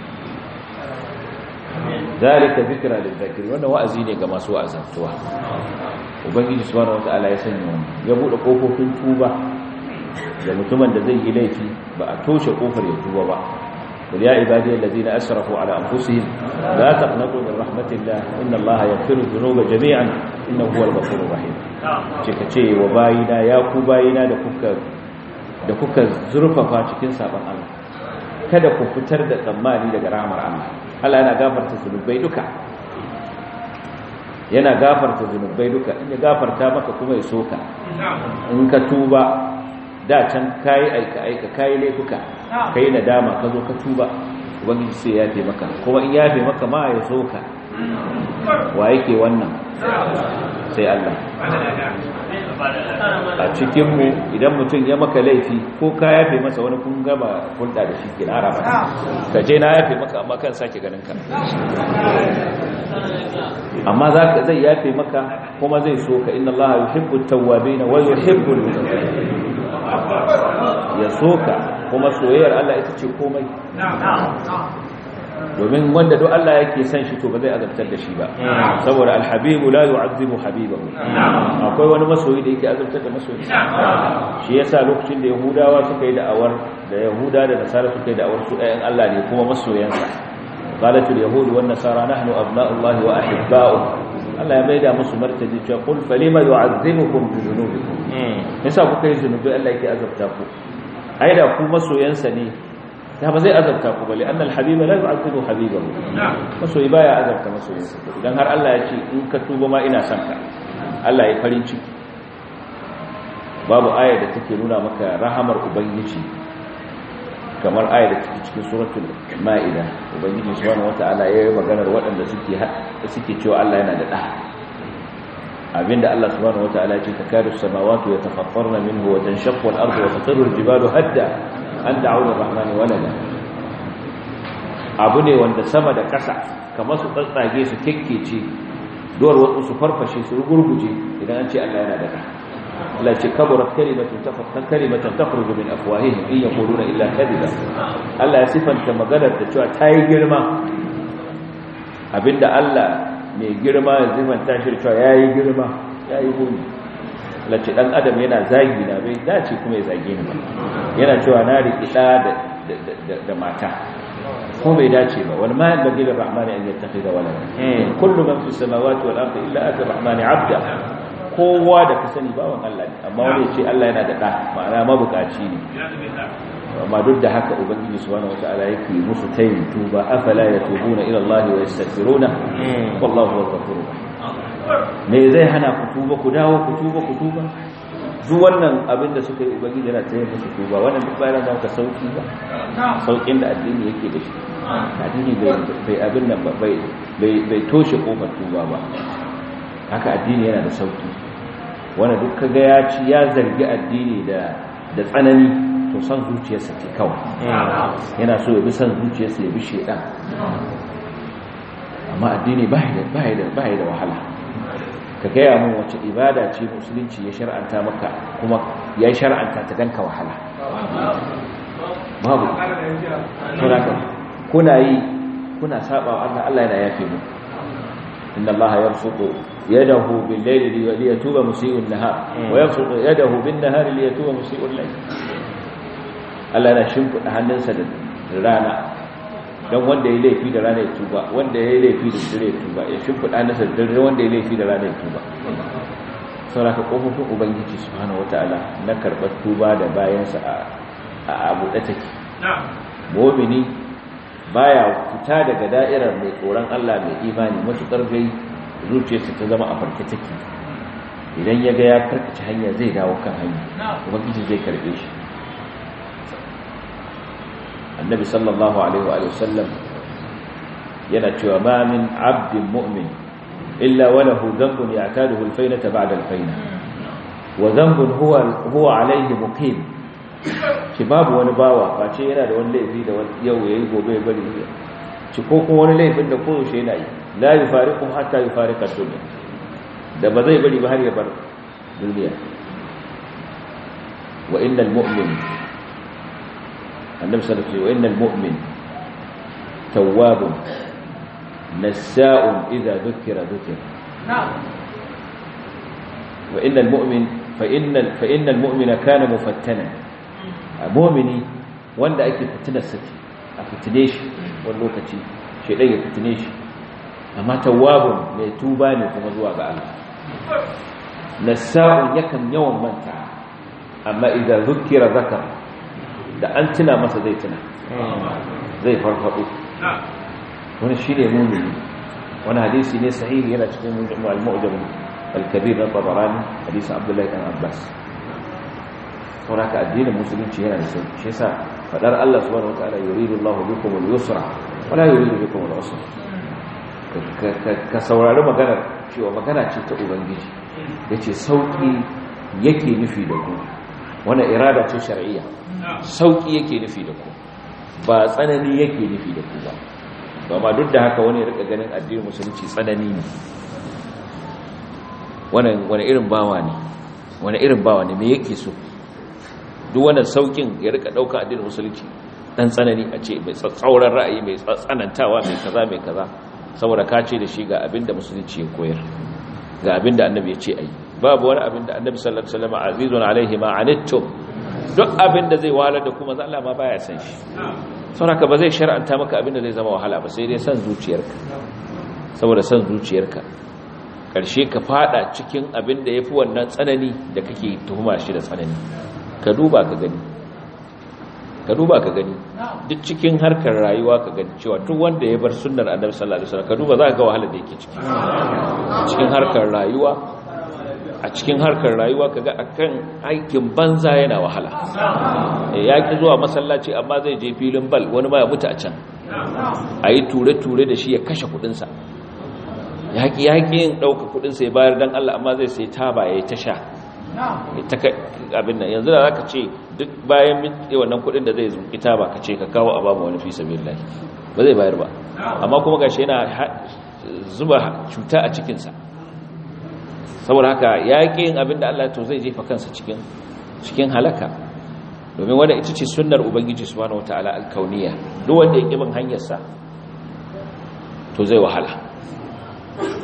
zalika zikra lizakiri wannan wa'azi ne ga masu wa'azantuwa ubangiji subhanahu wataala ya sanya wannan ya bude kofofin tuba da mutumin da zai yi laifi ba a toshe kofar ya tuba ba قل يا عبادي الذين أسرفوا على أنفسهم لا تقنطوا من رحمة الله إن الله يغفر الذنوب جميعا إنه هو الغفور الرحيم cikace wa bayina ya ku bayina da kuka da kuka zurfafa cikin sabon Allah kada ku fitar da tsammani daga rahmar Allah Allah yana gafarta zunubai duka yana gafarta zunubai duka in ya gafarta maka kuma ya soka in ka tuba da can kayi aika aika kayi laifuka kai nadama ka zo ka tuba wani sai ya fi maka kuma in ya fi maka ma ya soka wa yake wannan sai Allah a cikinmu idan mutum ya maka laifi ko ka yafe masa wani kun gama hulɗa da shi ke na ba ka je na yafe maka amma kan sake ganin ka amma za ka zai yafe maka kuma zai so ka inna Allah yuhibbu tawwabina wa yuhibbu ya so ka kuma soyayyar Allah ita ce komai domin wanda duk Allah yake son shi to ba zai azabtar da shi ba saboda alhabibu la yu'azzimu habibahu akwai wani masoyi da yake azabtar da masoyi shi yasa lokacin da yahudawa suka yi da'awar da yahuda da nasara suka yi da'awar su ɗayan Allah ne kuma masoyansa qalatul yahud wan nasara nahnu abna'ullahi wa ahibba'uhu Allah ya maida musu martaji cewa qul falima yu'azzimukum bi dhunubikum hmm. yasa kuka yi zunubi Allah yake azabta ku ai da ku masoyansa ne da ba zai azabta ku bale annal habiba la yu'azibu habibahu masoyi baya azabta masoyi idan har Allah ya ce in ka tuba ma ina son ka Allah ya farin ciki babu aya da take nuna maka rahamar ubangiji kamar aya da take cikin suratul maida ubangiji subhanahu wataala ya yi maganar waɗanda suke suke cewa Allah yana da da abinda Allah subhanahu wataala ya ce takadu samawati yatafattarna minhu wa tanshaqqu al-ardu wa tatirru al-jibalu hadda an da'u rahmani walada abu ne wanda sama da ƙasa kamar su tsatsage su kekkece duwar wasu su farfashe su rugurguje idan an ce Allah yana da ka Allah ce kabura kalimatu tafakkan kalimatan takhruju min afwahihim in yaquluna illa kadhiba Allah ya sifanta maganar da cewa ta yi girma abinda Allah mai girma ya sifanta shi cewa ya yi girma ya yi gumi na dan adam yana zagi na bai dace kuma ya zage ni ba yana cewa na riki ɗa da mata kuma bai dace ba wani mayan bagi da rahmani an yattafi da wala eh. kullum man fi samawati wal ardi illa ata rahmani abda kowa da ka sani bawan Allah ne amma wani ya ce Allah yana da ɗa ma'ana mabukaci ne amma duk da haka ubangiji subhanahu wataala yake musu tayin tuba afala yatubuna ila Allah wa yastaghfiruna eh. wallahu ghafurur rahim me zai hana ku tuba ku dawo ku tuba ku tuba duk wannan abin da suka yi ubangiji yana tsaye musu tuba wannan duk bayan da ka sauki ba saukin da addini yake da shi addini bai abin nan ba bai toshe kofar tuba ba haka addini yana da sauki wanda duk ka ga ya ci ya zargi addini da da tsanani to san zuciyarsa ke kawai yana so ya bi san zuciyarsa ya bi shedan amma addini ba da wahala ka gaya mun wace ibada ce musulunci ya shar'anta maka kuma ya shar'anta ta danka wahala babu kuna yi kuna saba Allah Allah yana yafe mu inna Allah yarsutu yadahu bil layli li yatuba musii'un nahar wa yarsutu yadahu bin nahari li yatuba musii'un layl Allah yana shimfida hannunsa da rana don wanda ya laifi da ranar tuba wanda ya laifi da dare tuba ya kuɗa na sardar wanda ya laifi da ranar tuba sauraka ƙofofin ubangiji su hana wata'ala na karɓar tuba da bayansa a abu da take momini ya fita daga da'irar mai tsoron allah mai imani matuƙar gai zuciyarsa ta zama a farke take idan ya ga ya karkace hanya zai dawo kan hanya ubangiji zai karɓe shi annabi sallallahu alaihi wa sallam yana cewa ma min abdin mu'min illa walahu dhanbun ya'taduhu al-faynata ba'da al-fayna wa dhanbun huwa huwa alayhi muqim Ki babu wani bawa face yana da wani laifi da yau yayi gobe ya bari shi ko kuma wani laifin da koyaushe yana yi la yufariqu hatta yufariqa dunya da ba zai bari ba har ya bar duniya wa innal mu'min annabi sallallahu alaihi wasallam innal mu'min tawwabun nasa'un idza dhukira dhukira wa innal mu'min fa innal fa innal mu'mina kana mufattana mu'mini wanda ake fitinar saki a fitine shi wani lokaci shedan ya fitine shi amma tawwabun mai tuba ne kuma zuwa ga Allah nasa'un yakan yawan manta amma idan zukira dhakara da an tuna masa zai tuna zai farfaɗo. wani shi ne mumini wani hadisi ne sahihi yana cikin al-mu'jam al-kabir na tabarani hadisi abdullahi dan abbas sauraka addinin musulunci yana da sauki shi yasa fadar Allah subhanahu wataala yuridu Allahu bikum al-yusra wala yuridu bikum al-usra ka saurari magana cewa magana ce ta ubangiji yace sauki yake nufi da ku Wani irada ce shari'a sauki yake nufi da ku ba tsanani yake nufi da ku ba amma duk da haka wani rika ganin addinin musulunci tsanani ne wani irin bawa ne wani irin bawa ne me yake so duk wannan saukin ya rika dauka addinin musulunci dan tsanani a ce mai tsauran ra'ayi mai tsanantawa mai kaza mai kaza saboda ka ce da shi ga abinda musulunci ya koyar ga abinda annabi ya ce ayi babu wani abin da annabi sallallahu alaihi wasallam azizun alaihi ma anittu duk abin da zai wahalar da kuma Allah ma baya san shi saboda ba zai shar'anta maka abin da zai zama wahala ba sai dai san zuciyarka saboda san zuciyarka karshe ka fada cikin abin da yafi wannan tsanani da kake tuhuma shi da tsanani ka duba ka gani ka duba ka gani duk cikin harkar rayuwa ka gani cewa duk wanda ya bar sunnar annabi sallallahu alaihi wasallam ka duba za ka ga wahala da yake ciki cikin harkar rayuwa a cikin harkar rayuwa kaga kan aikin banza yana wahala eh, ya ki zuwa masallaci amma zai je filin bal wani ma ya mutu a can a yi ture-ture da shi ya kashe kudinsa ya ki ya ki yin ɗauka kudinsa ya bayar don Allah amma zai sai taba ya yi ta sha nan yanzu da za ka ce duk bayan mitse eh, wannan kudin da zai zuki taba ka ce ka kawo a babu wani fi sabi ba zai bayar ba amma kuma shi yana zuba cuta a cikinsa saboda haka ya ƙi yin abin da Allah to zai jefa kansa cikin cikin halaka domin wanda ita ce sunnar ubangiji subhanahu wataala alkauniya duk wanda ya ƙi bin hanyarsa to zai wahala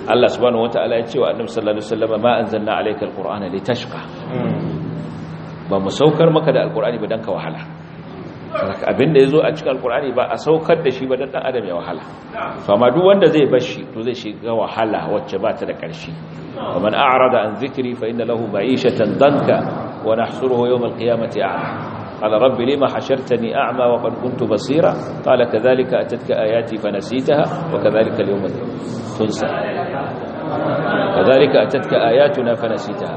Allah subhanahu wataala ya ce wa annabi sallallahu alaihi wasallam ma anzalna alayka alqur'ana litashqa hmm. ba mu saukar maka da alqur'ani ba dan ka wahala abinda ya zo a cikin alkur'ani ba a saukar da shi ba don adam ya wahala to amma duk wanda zai bar shi to zai shiga wahala wacce ba ta da ƙarshe wa man a'rada an zikri fa inna lahu ma'ishatan danka wa nahsuruhu yawm al-qiyamati a'ma قال رب لما حشرتني أعمى وقد كنت بصيرا قال كذلك أتتك آياتي فنسيتها وكذلك اليوم تنسى كذلك أتتك آياتنا فنسيتها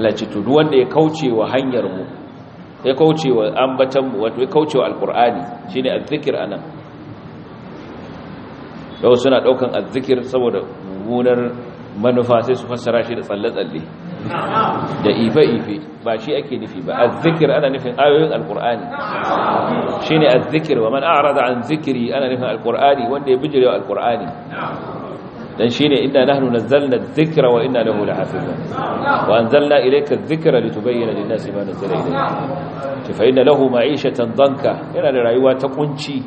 Allah ce to duk wanda ya kauce wa hanyar mu ya kauce wa ambatanmu wato ya kauce wa alkur'ani shi ne azzikir a nan yau suna ɗaukan azzikir saboda mummunar manufa sai su fassara shi da tsalle-tsalle da ife-ife ba shi ake nufi ba azzikir ana nufin ayoyin alkur'ani shi ne azzikir wa man da an zikiri ana nufin alkur'ani wanda ya bijirewa alkur'ani dan shine inna nahnu nazzalna adh-dhikra wa inna lahu lahafizun wa anzalna ilayka adh-dhikra litubayyana lin-nasi ma nazzala ilayhim fa inna lahu ma'ishatan danka ila rayuwa ta kunci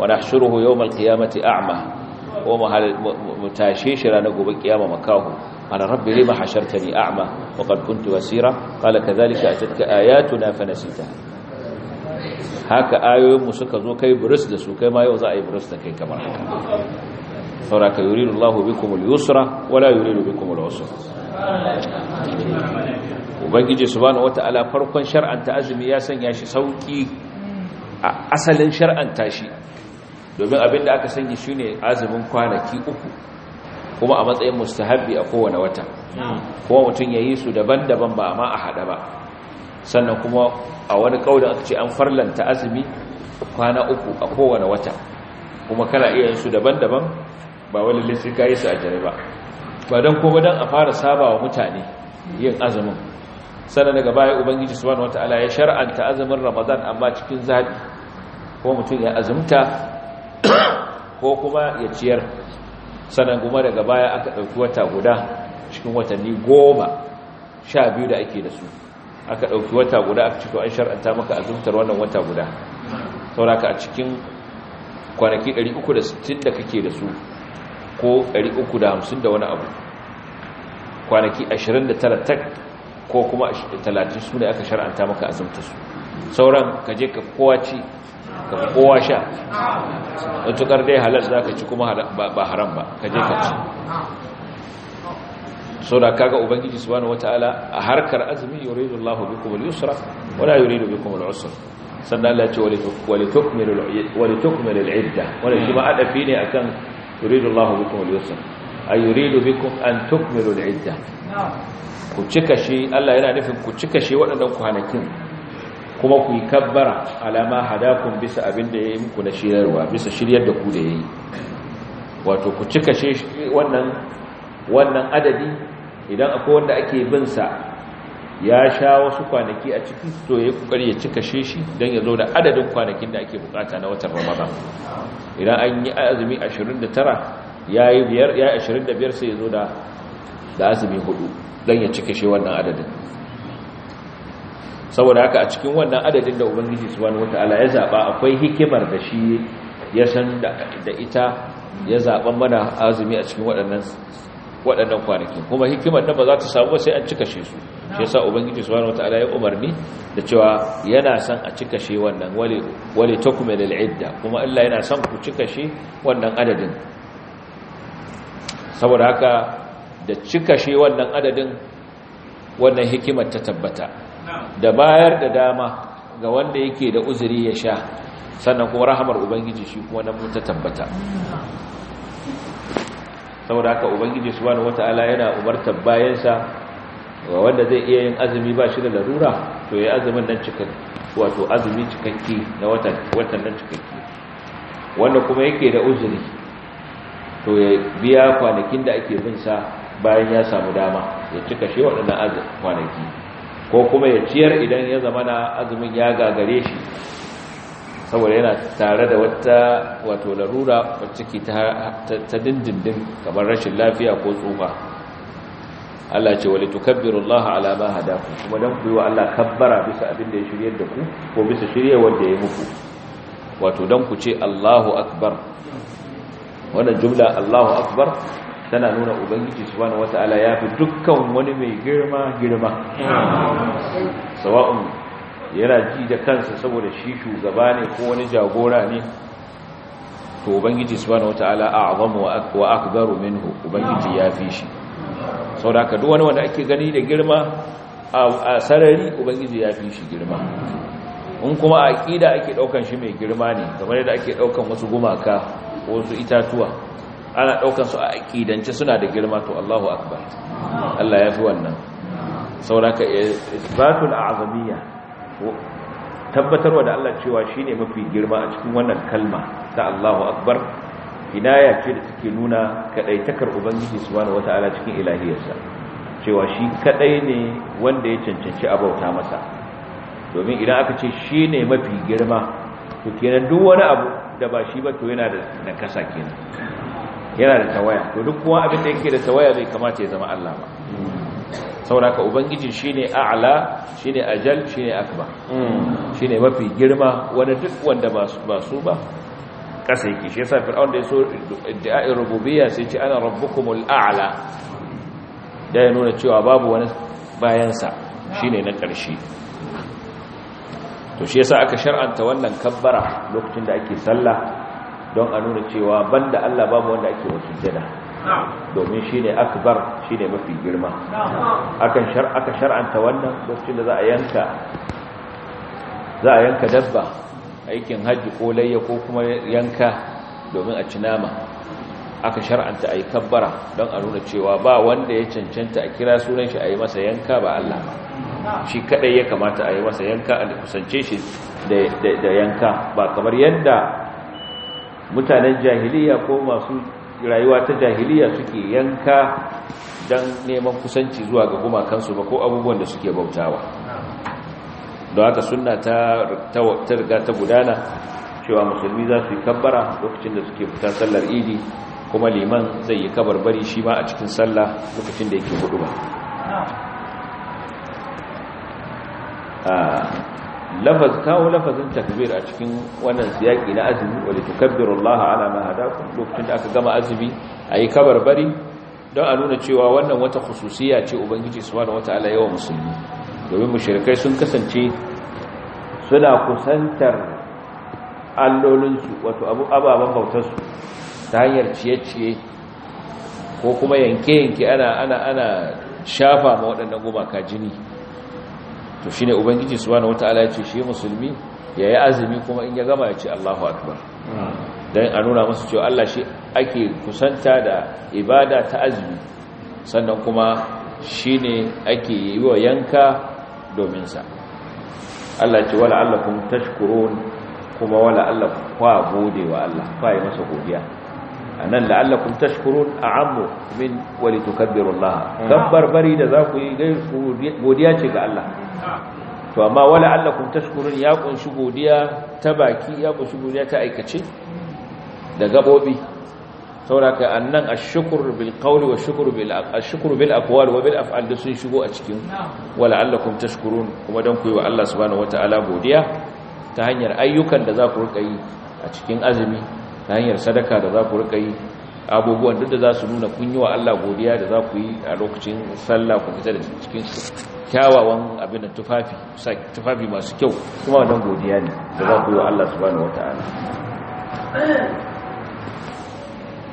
wa nahshuruhu yawm al-qiyamati a'ma wa mutashe shi ranar gobe kiyama makahu ana rabbi lima hashartani a'ma wa qad kuntu wasira qala kadhalika atatka ayatuna fa nasita haka ayoyin mu suka zo kai burus da su kai ma yau za a yi burus da kai kamar haka sauraka yuridu Allahu bikumul yusra wala yuridu bikumul usra ubangiji subhanahu wataala farkon shar'anta azumi ya sanya shi sauki a asalin shar'anta shi domin abinda aka sanya shine azumin kwanaki uku kuma a matsayin mustahabbi a kowane wata kuma mutum yayi su daban-daban ba amma a hada ba sannan kuma a wani kaulin aka ce an farlanta azumi kwana uku a kowane wata kuma kana iya yin su daban-daban ba wani lissi ka yi su a jere ba ba don kuma don a fara saba wa mutane yin azumin sannan daga bayan ubangiji su wani wata ya shar'anta azumin ramadan amma cikin zaɓi ko mutum ya azumta ko kuma ya ciyar sannan kuma daga baya aka ɗauki wata guda cikin watanni goma sha biyu da ake da su aka ɗauki wata guda aka ciko an shar'anta maka azumtar wannan wata guda sauraka a cikin kwanaki 360 da kake da su ko 350 da wani abu kwanaki 29 tak ko kuma 30 su ne aka shar'anta maka azumta su sauran ka je ka kowa ci ka kowa sha matukar dai halal za ka ci kuma ba haram ba ka je ka ci so da kaga ubangiji subhanahu wataala a harkar azumi yuridu Allahu bikum al-yusra wa la yuridu bikum al-usra sannan Allah ya ce walitukmilu al-idda wannan shi ma adafi ne akan يريد الله بكم اليسر اي يريد بكم ان تكملوا العده ku cika shi Allah yana nufin ku cika shi waɗannan kwanakin kuma ku yi kabbara alama hadakun bisa abin da ya yi muku na shiryarwa bisa shiryar da ku da ya yi wato ku cika shi wannan wannan adadi idan akwai wanda ake bin sa ya sha wasu kwanaki a cikin to ya kokari ya cika shi don ya zo da adadin kwanakin da ake bukata na watan ramadan idan an yi azumi 29 ya yi 25 sai ya zo da da azumi hudu don ya cika shi wannan adadin saboda haka a cikin wannan adadin da ubangiji subhanahu wataala ya zaba akwai hikimar da shi ya san da ita ya zaban mana azumi a cikin waɗannan waɗannan kwanakin kuma hikimar da ba za ta samu sai an cika shi su shi yasa ubangiji subhanahu wataala ya umarni da cewa yana son a cika shi wannan wale wale takmil al-idda kuma Allah yana son ku cika shi wannan adadin saboda haka da cika shi wannan adadin wannan hikimar ta tabbata da bayar da dama ga wanda yake da uzuri ya sha sannan kuma rahamar ubangiji shi kuma nan ta tabbata saboda haka ubangiji subhanahu wataala yana umartar bayansa Wa wanda zai iya yin azumi ba shi da larura to ya azumin nan cikakke wato azumi cikakke na watan watan nan cikakke wanda kuma yake da uzuri to ya biya kwanakin da ake bin sa bayan ya samu dama ya cika shi waɗannan azumin kwanaki ko kuma ya ciyar idan ya zama na azumin ya gagare shi saboda yana tare da wata wato larura wacce ke ta dindindin kamar rashin lafiya ko tsufa Allah ce wali tukabbirullaha ala ma hadakum kuma dan ku yi wa Allah kabbara bisa abin da ya shiryar da ku ko bisa shirya wanda ya muku wato dan ku ce Allahu akbar wannan jumla Allahu akbar tana nuna ubangiji subhanahu wataala ya fi dukkan wani mai girma girma sawa'un yana ji da kansa saboda shi shugaba ne ko wani jagora ne to ubangiji subhanahu wataala a'zamu wa akbaru minhu ubangiji ya fi shi saboda haka duk wani wanda ake gani da girma a sarari ubangiji ya fi shi girma in kuma a aqida ake ɗaukan shi mai girma ne kamar yadda ake ɗaukan wasu gumaka ko wasu itatuwa ana daukan su a aqidance suna da girma to Allahu akbar Allah ya fi wannan sauraka isbatul eh, azamiyya tabbatarwa da Allah cewa shi ne mafi girma a cikin wannan kalma ta Allahu akbar hidaya ce da suke nuna kadaitakar ubangiji subhanahu wataala cikin ilahiyarsa cewa shi kadai ne wanda ya cancanci abauta masa domin idan aka ce shi ne mafi girma to kenan duk wani abu da ba shi ba to yana da nakasa kenan yana da tawaya to duk kuma abin da yake da tawaya bai kamata ya zama Allah ba ka ubangijin shine a'la shine ajal shine akbar mm. shine mafi girma wanda duk wanda ba su ba ƙasa yake shi yasa fir'aun da ya so da'a'in rububiyya sai ce ana rabbukumul a'la da ya nuna cewa babu wani bayansa shine na ƙarshe to shi yasa aka shar'anta wannan kabbara lokacin da ake sallah don a nuna cewa banda Allah babu wanda ake wakiltada domin shine akbar shine mafi girma akan aka shar'anta wannan lokacin da za a yanka za a yanka dabba aikin hajji ko layya ko kuma yanka domin a ci nama aka shar'anta a yi kabbara don a nuna cewa ba wanda ya cancanta a kira sunan shi a yi masa yanka ba Allah ba shi kadai ya kamata a yi masa yanka a kusance shi da yanka ba kamar yadda mutanen jahiliya ko masu rayuwa ta jahiliya suke yanka don neman kusanci zuwa ga gumakansu ba ko abubuwan da suke bautawa don haka suna ta riga ta gudana cewa musulmi za su yi kabbara lokacin da suke fita sallar idi kuma liman zai yi kabarbari shi ma a cikin sallah lokacin da yake hudu ba ah, lafaz kawo lafazin takbir a cikin wannan siyaki na azumi wadda tukabbirullaha ala ma hada lokacin da aka gama azumi a yi kabar bari don a nuna cewa wannan wata khususiya ce ubangiji subhanahu ala yawa musulmi domin mashirikai sun kasance suna kusantar allolinsu wato ababen bautarsu ta hanyar ciye-ciye ko kuma yanke-yanke ana ana ana shafa ma waɗannan gumaka jini to shi ne ubangiji su subhanahu wataala ya ce shi musulmi ya yi azumi kuma in ya gama ya ce Allahu akbar don a nuna masu cewa Allah shi ake kusanta da ibada ta azumi sannan kuma shi shine ake yi wa yanka dominsa Allah ce wala allah kun tashkurun kuma wala Allah kwa gode wa Allah kwa yi masa godiya anan kun tashkurun a'ammu min walitukabbiru Allah kan bari da za ku yi godiya ce ga Allah to amma wala allah kun tashkurun ya kunshi godiya ta baki ya kunshi godiya ta aikace da gabobi sauraka annan ashukur bil qawli wa shukru bil bil aqwali wa bil af'al sun shigo a cikin wala allakum tashkurun kuma dan kuyi wa Allah subhanahu wataala godiya ta hanyar ayyukan da za ku rika yi a cikin azumi ta hanyar sadaka da za ku rika yi abubuwan duk da za su nuna kun yi wa Allah godiya da za ku yi a lokacin sallah ku fita da cikin kyawawan abin da tufafi tufafi masu kyau kuma wannan godiya ne da za ku yi wa Allah subhanahu wataala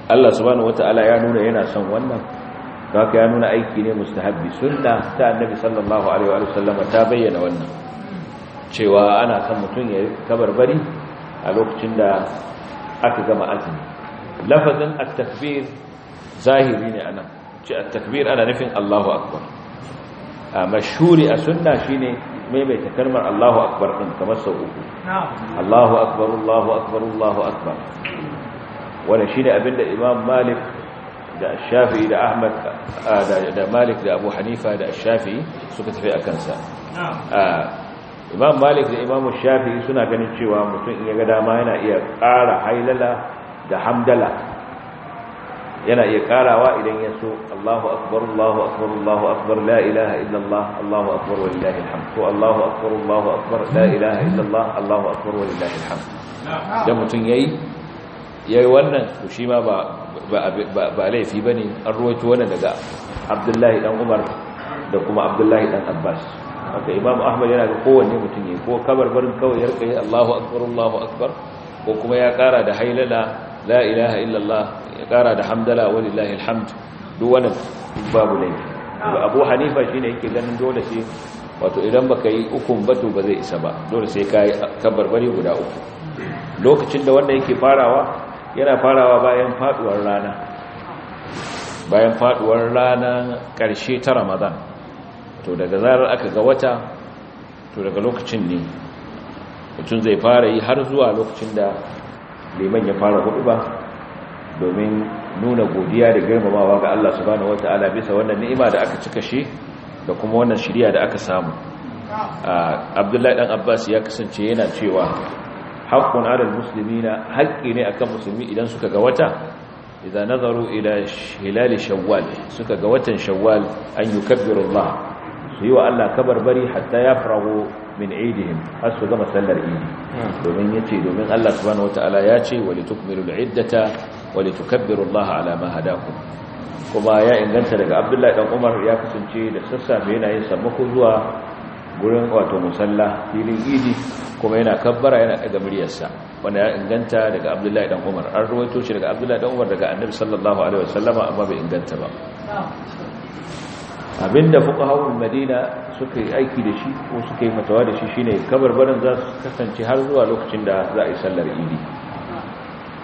Allah subhanahu wataala ya nuna yana son wannan haka ya nuna aiki ne mustahabbi sunna ta annabi sallallahu alaihi wa sallama ta bayyana wannan cewa ana son mutum ya kabarbari a lokacin da aka gama azumi lafazin at-takbir zahiri ne anan ce at-takbir ana nufin Allahu akbar a mashhuri a sunna shine maimaita kalmar Allahu akbar din kamar sau uku Allahu akbar Allahu akbar Allahu akbar wannan shine abinda imam malik da shafi'i da ahmad da malik da abu hanifa da shafi'i suka tafi a sa imam malik da imam shafi'i suna ganin cewa mutum in ga dama yana iya ƙara hailala da hamdala yana iya ƙarawa idan ya so Allahu akbar Allahu akbar Allahu akbar la ilaha illa Allahu akbar walillahi alhamd ko Allahu akbar Allahu akbar la ilaha illa Allahu akbar walillahi alhamd dan mutum yayi ya yi wannan to shi ma ba laifi ba ne an ruwaito wannan daga abdullahi dan umar da kuma abdullahi dan abbas haka Imam ahmad yana ga kowanne mutum ne ko kabar barin kawai ya rika yi allahu akbar allahu akbar ko kuma ya kara da hailala la ilaha illallah ya kara da hamdala walillahi alhamd duk wannan babu laifi abu hanifa ne yake ganin dole sai wato idan baka yi ukun bato ba zai isa ba dole sai ka yi kabarbari guda uku lokacin da wanda yake farawa yana farawa bayan faduwar rana bayan faduwar rana karshe ta ramadan to daga zarar aka ga wata to daga lokacin ne mutum zai fara yi har zuwa lokacin da liman ya fara hudu ba domin nuna godiya da girmamawa ga Allah subhanahu wata'ala bisa wannan ni'ima da aka cika shi da kuma wannan shiriya da aka samu ah, Abdullahi dan Abbas ya kasance yana cewa haqqun 'ala musulmi na haqqi ne akan musulmi idan suka ga wata idan nazaru ila shawwal suka ga watan shawwal an yi kabbirullah su yi wa Allah kabarbari hatta ya farago min idihim har su gama sallar idi domin yace domin Allah subhanahu ya ce wa litukmilu al-iddata wa litukabbiru ala ma hadakum kuma ya inganta daga Abdullahi dan Umar ya kasance da sassafe yana yin sammako zuwa gurin wato musalla filin idi kuma yana kabbara yana daga muryarsa wanda ya inganta daga abdullahi dan umar an ruwaito shi daga abdullahi dan umar daga annabi sallallahu alaihi wasallama amma bai inganta ba abinda fuqahaul madina suka yi aiki da shi ko suka yi matawa da shi shine barin za su kasance har zuwa lokacin da za a yi sallar idi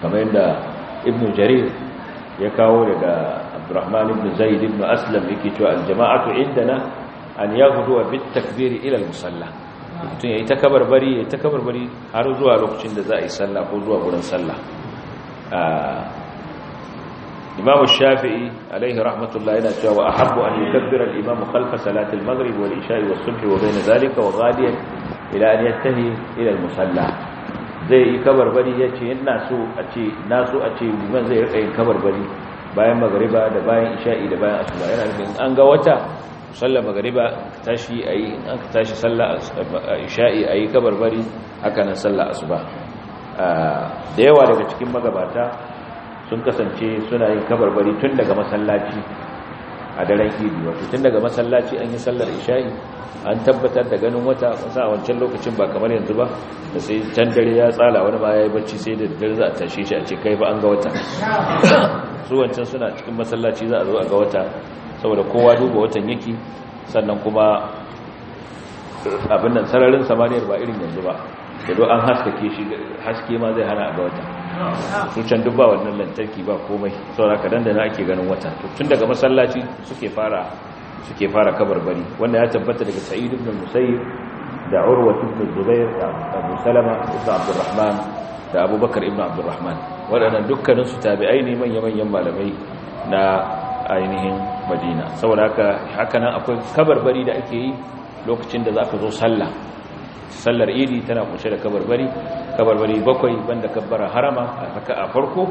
kamar yadda ibnu jarir ya kawo daga abdurrahman ibn zaid ibn aslam yake cewa aljama'atu indana an yaghdu bit bin ila al-musalla mutum ya yi ta kabarbari ya yi ta kabarbari har zuwa lokacin da za a yi sallah ko zuwa wurin sallah imamu shafi'i alaihi rahmatullah yana cewa wa ahabbu an yukabbira al-imam kalfa salatul al-maghrib wal isha'i wa subh wa bayna zalika wa ghadiyan ila an yantahi ila musalla zai yi kabarbari yace yana so a ce na so a ce liman zai rika yin kabarbari bayan magriba da bayan isha'i da bayan asuba yana nufin an ga wata sallar magariba tashi ayi an ka tashi sallar isha'i ayi kabarbari haka nan sallar asuba da yawa daga cikin magabata sun kasance suna yin kabarbari tun daga masallaci a daren idi wato tun daga masallaci an yi sallar isha'i an tabbatar da ganin wata kusa a wancan lokacin ba kamar yanzu ba da sai can dare ya tsala wani ba ya yi bacci sai da dare za a tashe shi a ce kai ba an ga wata su wancan suna cikin masallaci za a zo a ga wata saboda kowa duba watan yake sannan kuma abin nan sararin samaniyar ba irin yanzu ba da do an haskake shi haske ma zai hana a ga wata tucan duk ba wannan lantarki ba komai saboda ka dandana ake ganin wata tun daga masallaci suke fara suke fara kabarbari wanda ya tabbata daga sa'id ibn musayyib da urwa ibn zubair da abu salama ibn abdurrahman da abubakar ibn abdurrahman waɗannan dukkanin su tabi'ai ne manya-manyan malamai na ainihin madina saboda haka hakanan akwai kabarbari da ake yi lokacin da za ka zo sallah sallar idi tana kunshe da kabarbari kabarbari bakwai banda kabbara harama a haka a farko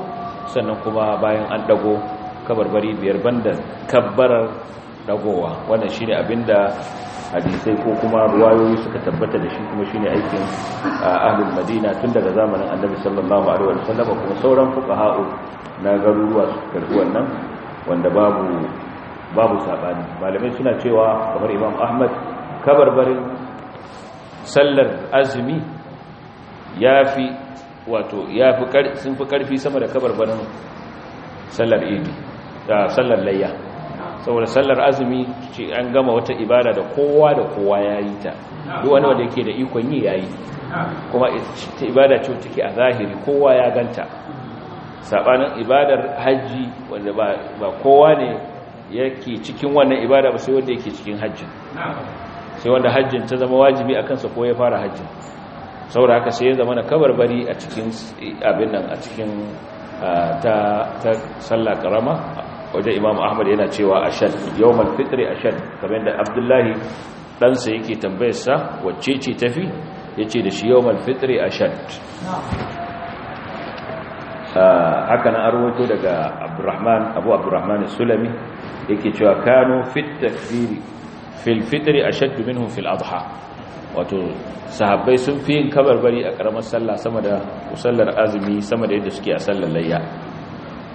sannan kuma bayan an dago kabarbari biyar banda kabbarar dagowa wannan shine abinda hadisai ko kuma ruwayoyi suka tabbata da shi kuma shine aikin ahlul madina tun daga zamanin annabi sallallahu alaihi wasallam kuma sauran fuqaha'u na garuruwa su karbi wannan wanda babu babu sabani malamai suna cewa kamar imam ahmad kabarbarin sallar azumi yafi wato yafi sun fi karfi sama da kabarbarin sallar idi da sallar layya saboda sallar azumi ce an gama wata ibada da kowa da kowa yayi ta duk wani wanda yake da ikon yi yayi kuma ita ibada ce take a zahiri kowa ya ganta sabanin ibadar hajji. wanda ba kowa ne yake cikin wannan ibada ba sai wanda yake cikin hajjin sai wanda hajjin ta zama wajibi a kansa ko ya fara hajjin saboda haka sai ya zama na kabar bari a cikin abin nan a cikin ta sallah karama wajen imam ahmad yana cewa ashad yawmal fitri ashad kamar da abdullahi ɗansa yake tambayar sa wacce ce tafi yace ce da shi yawmal fitri ashad Ah, haka nan arwato daga abdurrahman abu abdurrahman sulami yake cewa kano fit takfiri fil fitri fil wato sahabbai sun fi yin kabarbari a karamar sallah sama da sallar azumi sama da yadda suke a sallar layya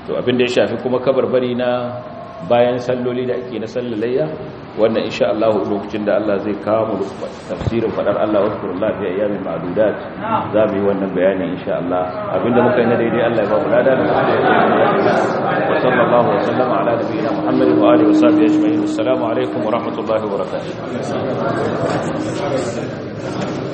to abin da ya shafi kuma kabarbari na bayan salloli da ake na sallalayya wannan insha Allah lokacin da Allah zai kawo mu tafsirin fadar Allah wa kurullah bi ayyamin ma'dudat za mu yi wannan bayani insha Allah abinda muka yi na daidai Allah ya ba mu lada wa sallallahu wa sallama ala nabiyyina Muhammad wa alihi wa sahbihi ajma'in assalamu alaikum wa rahmatullahi wa barakatuh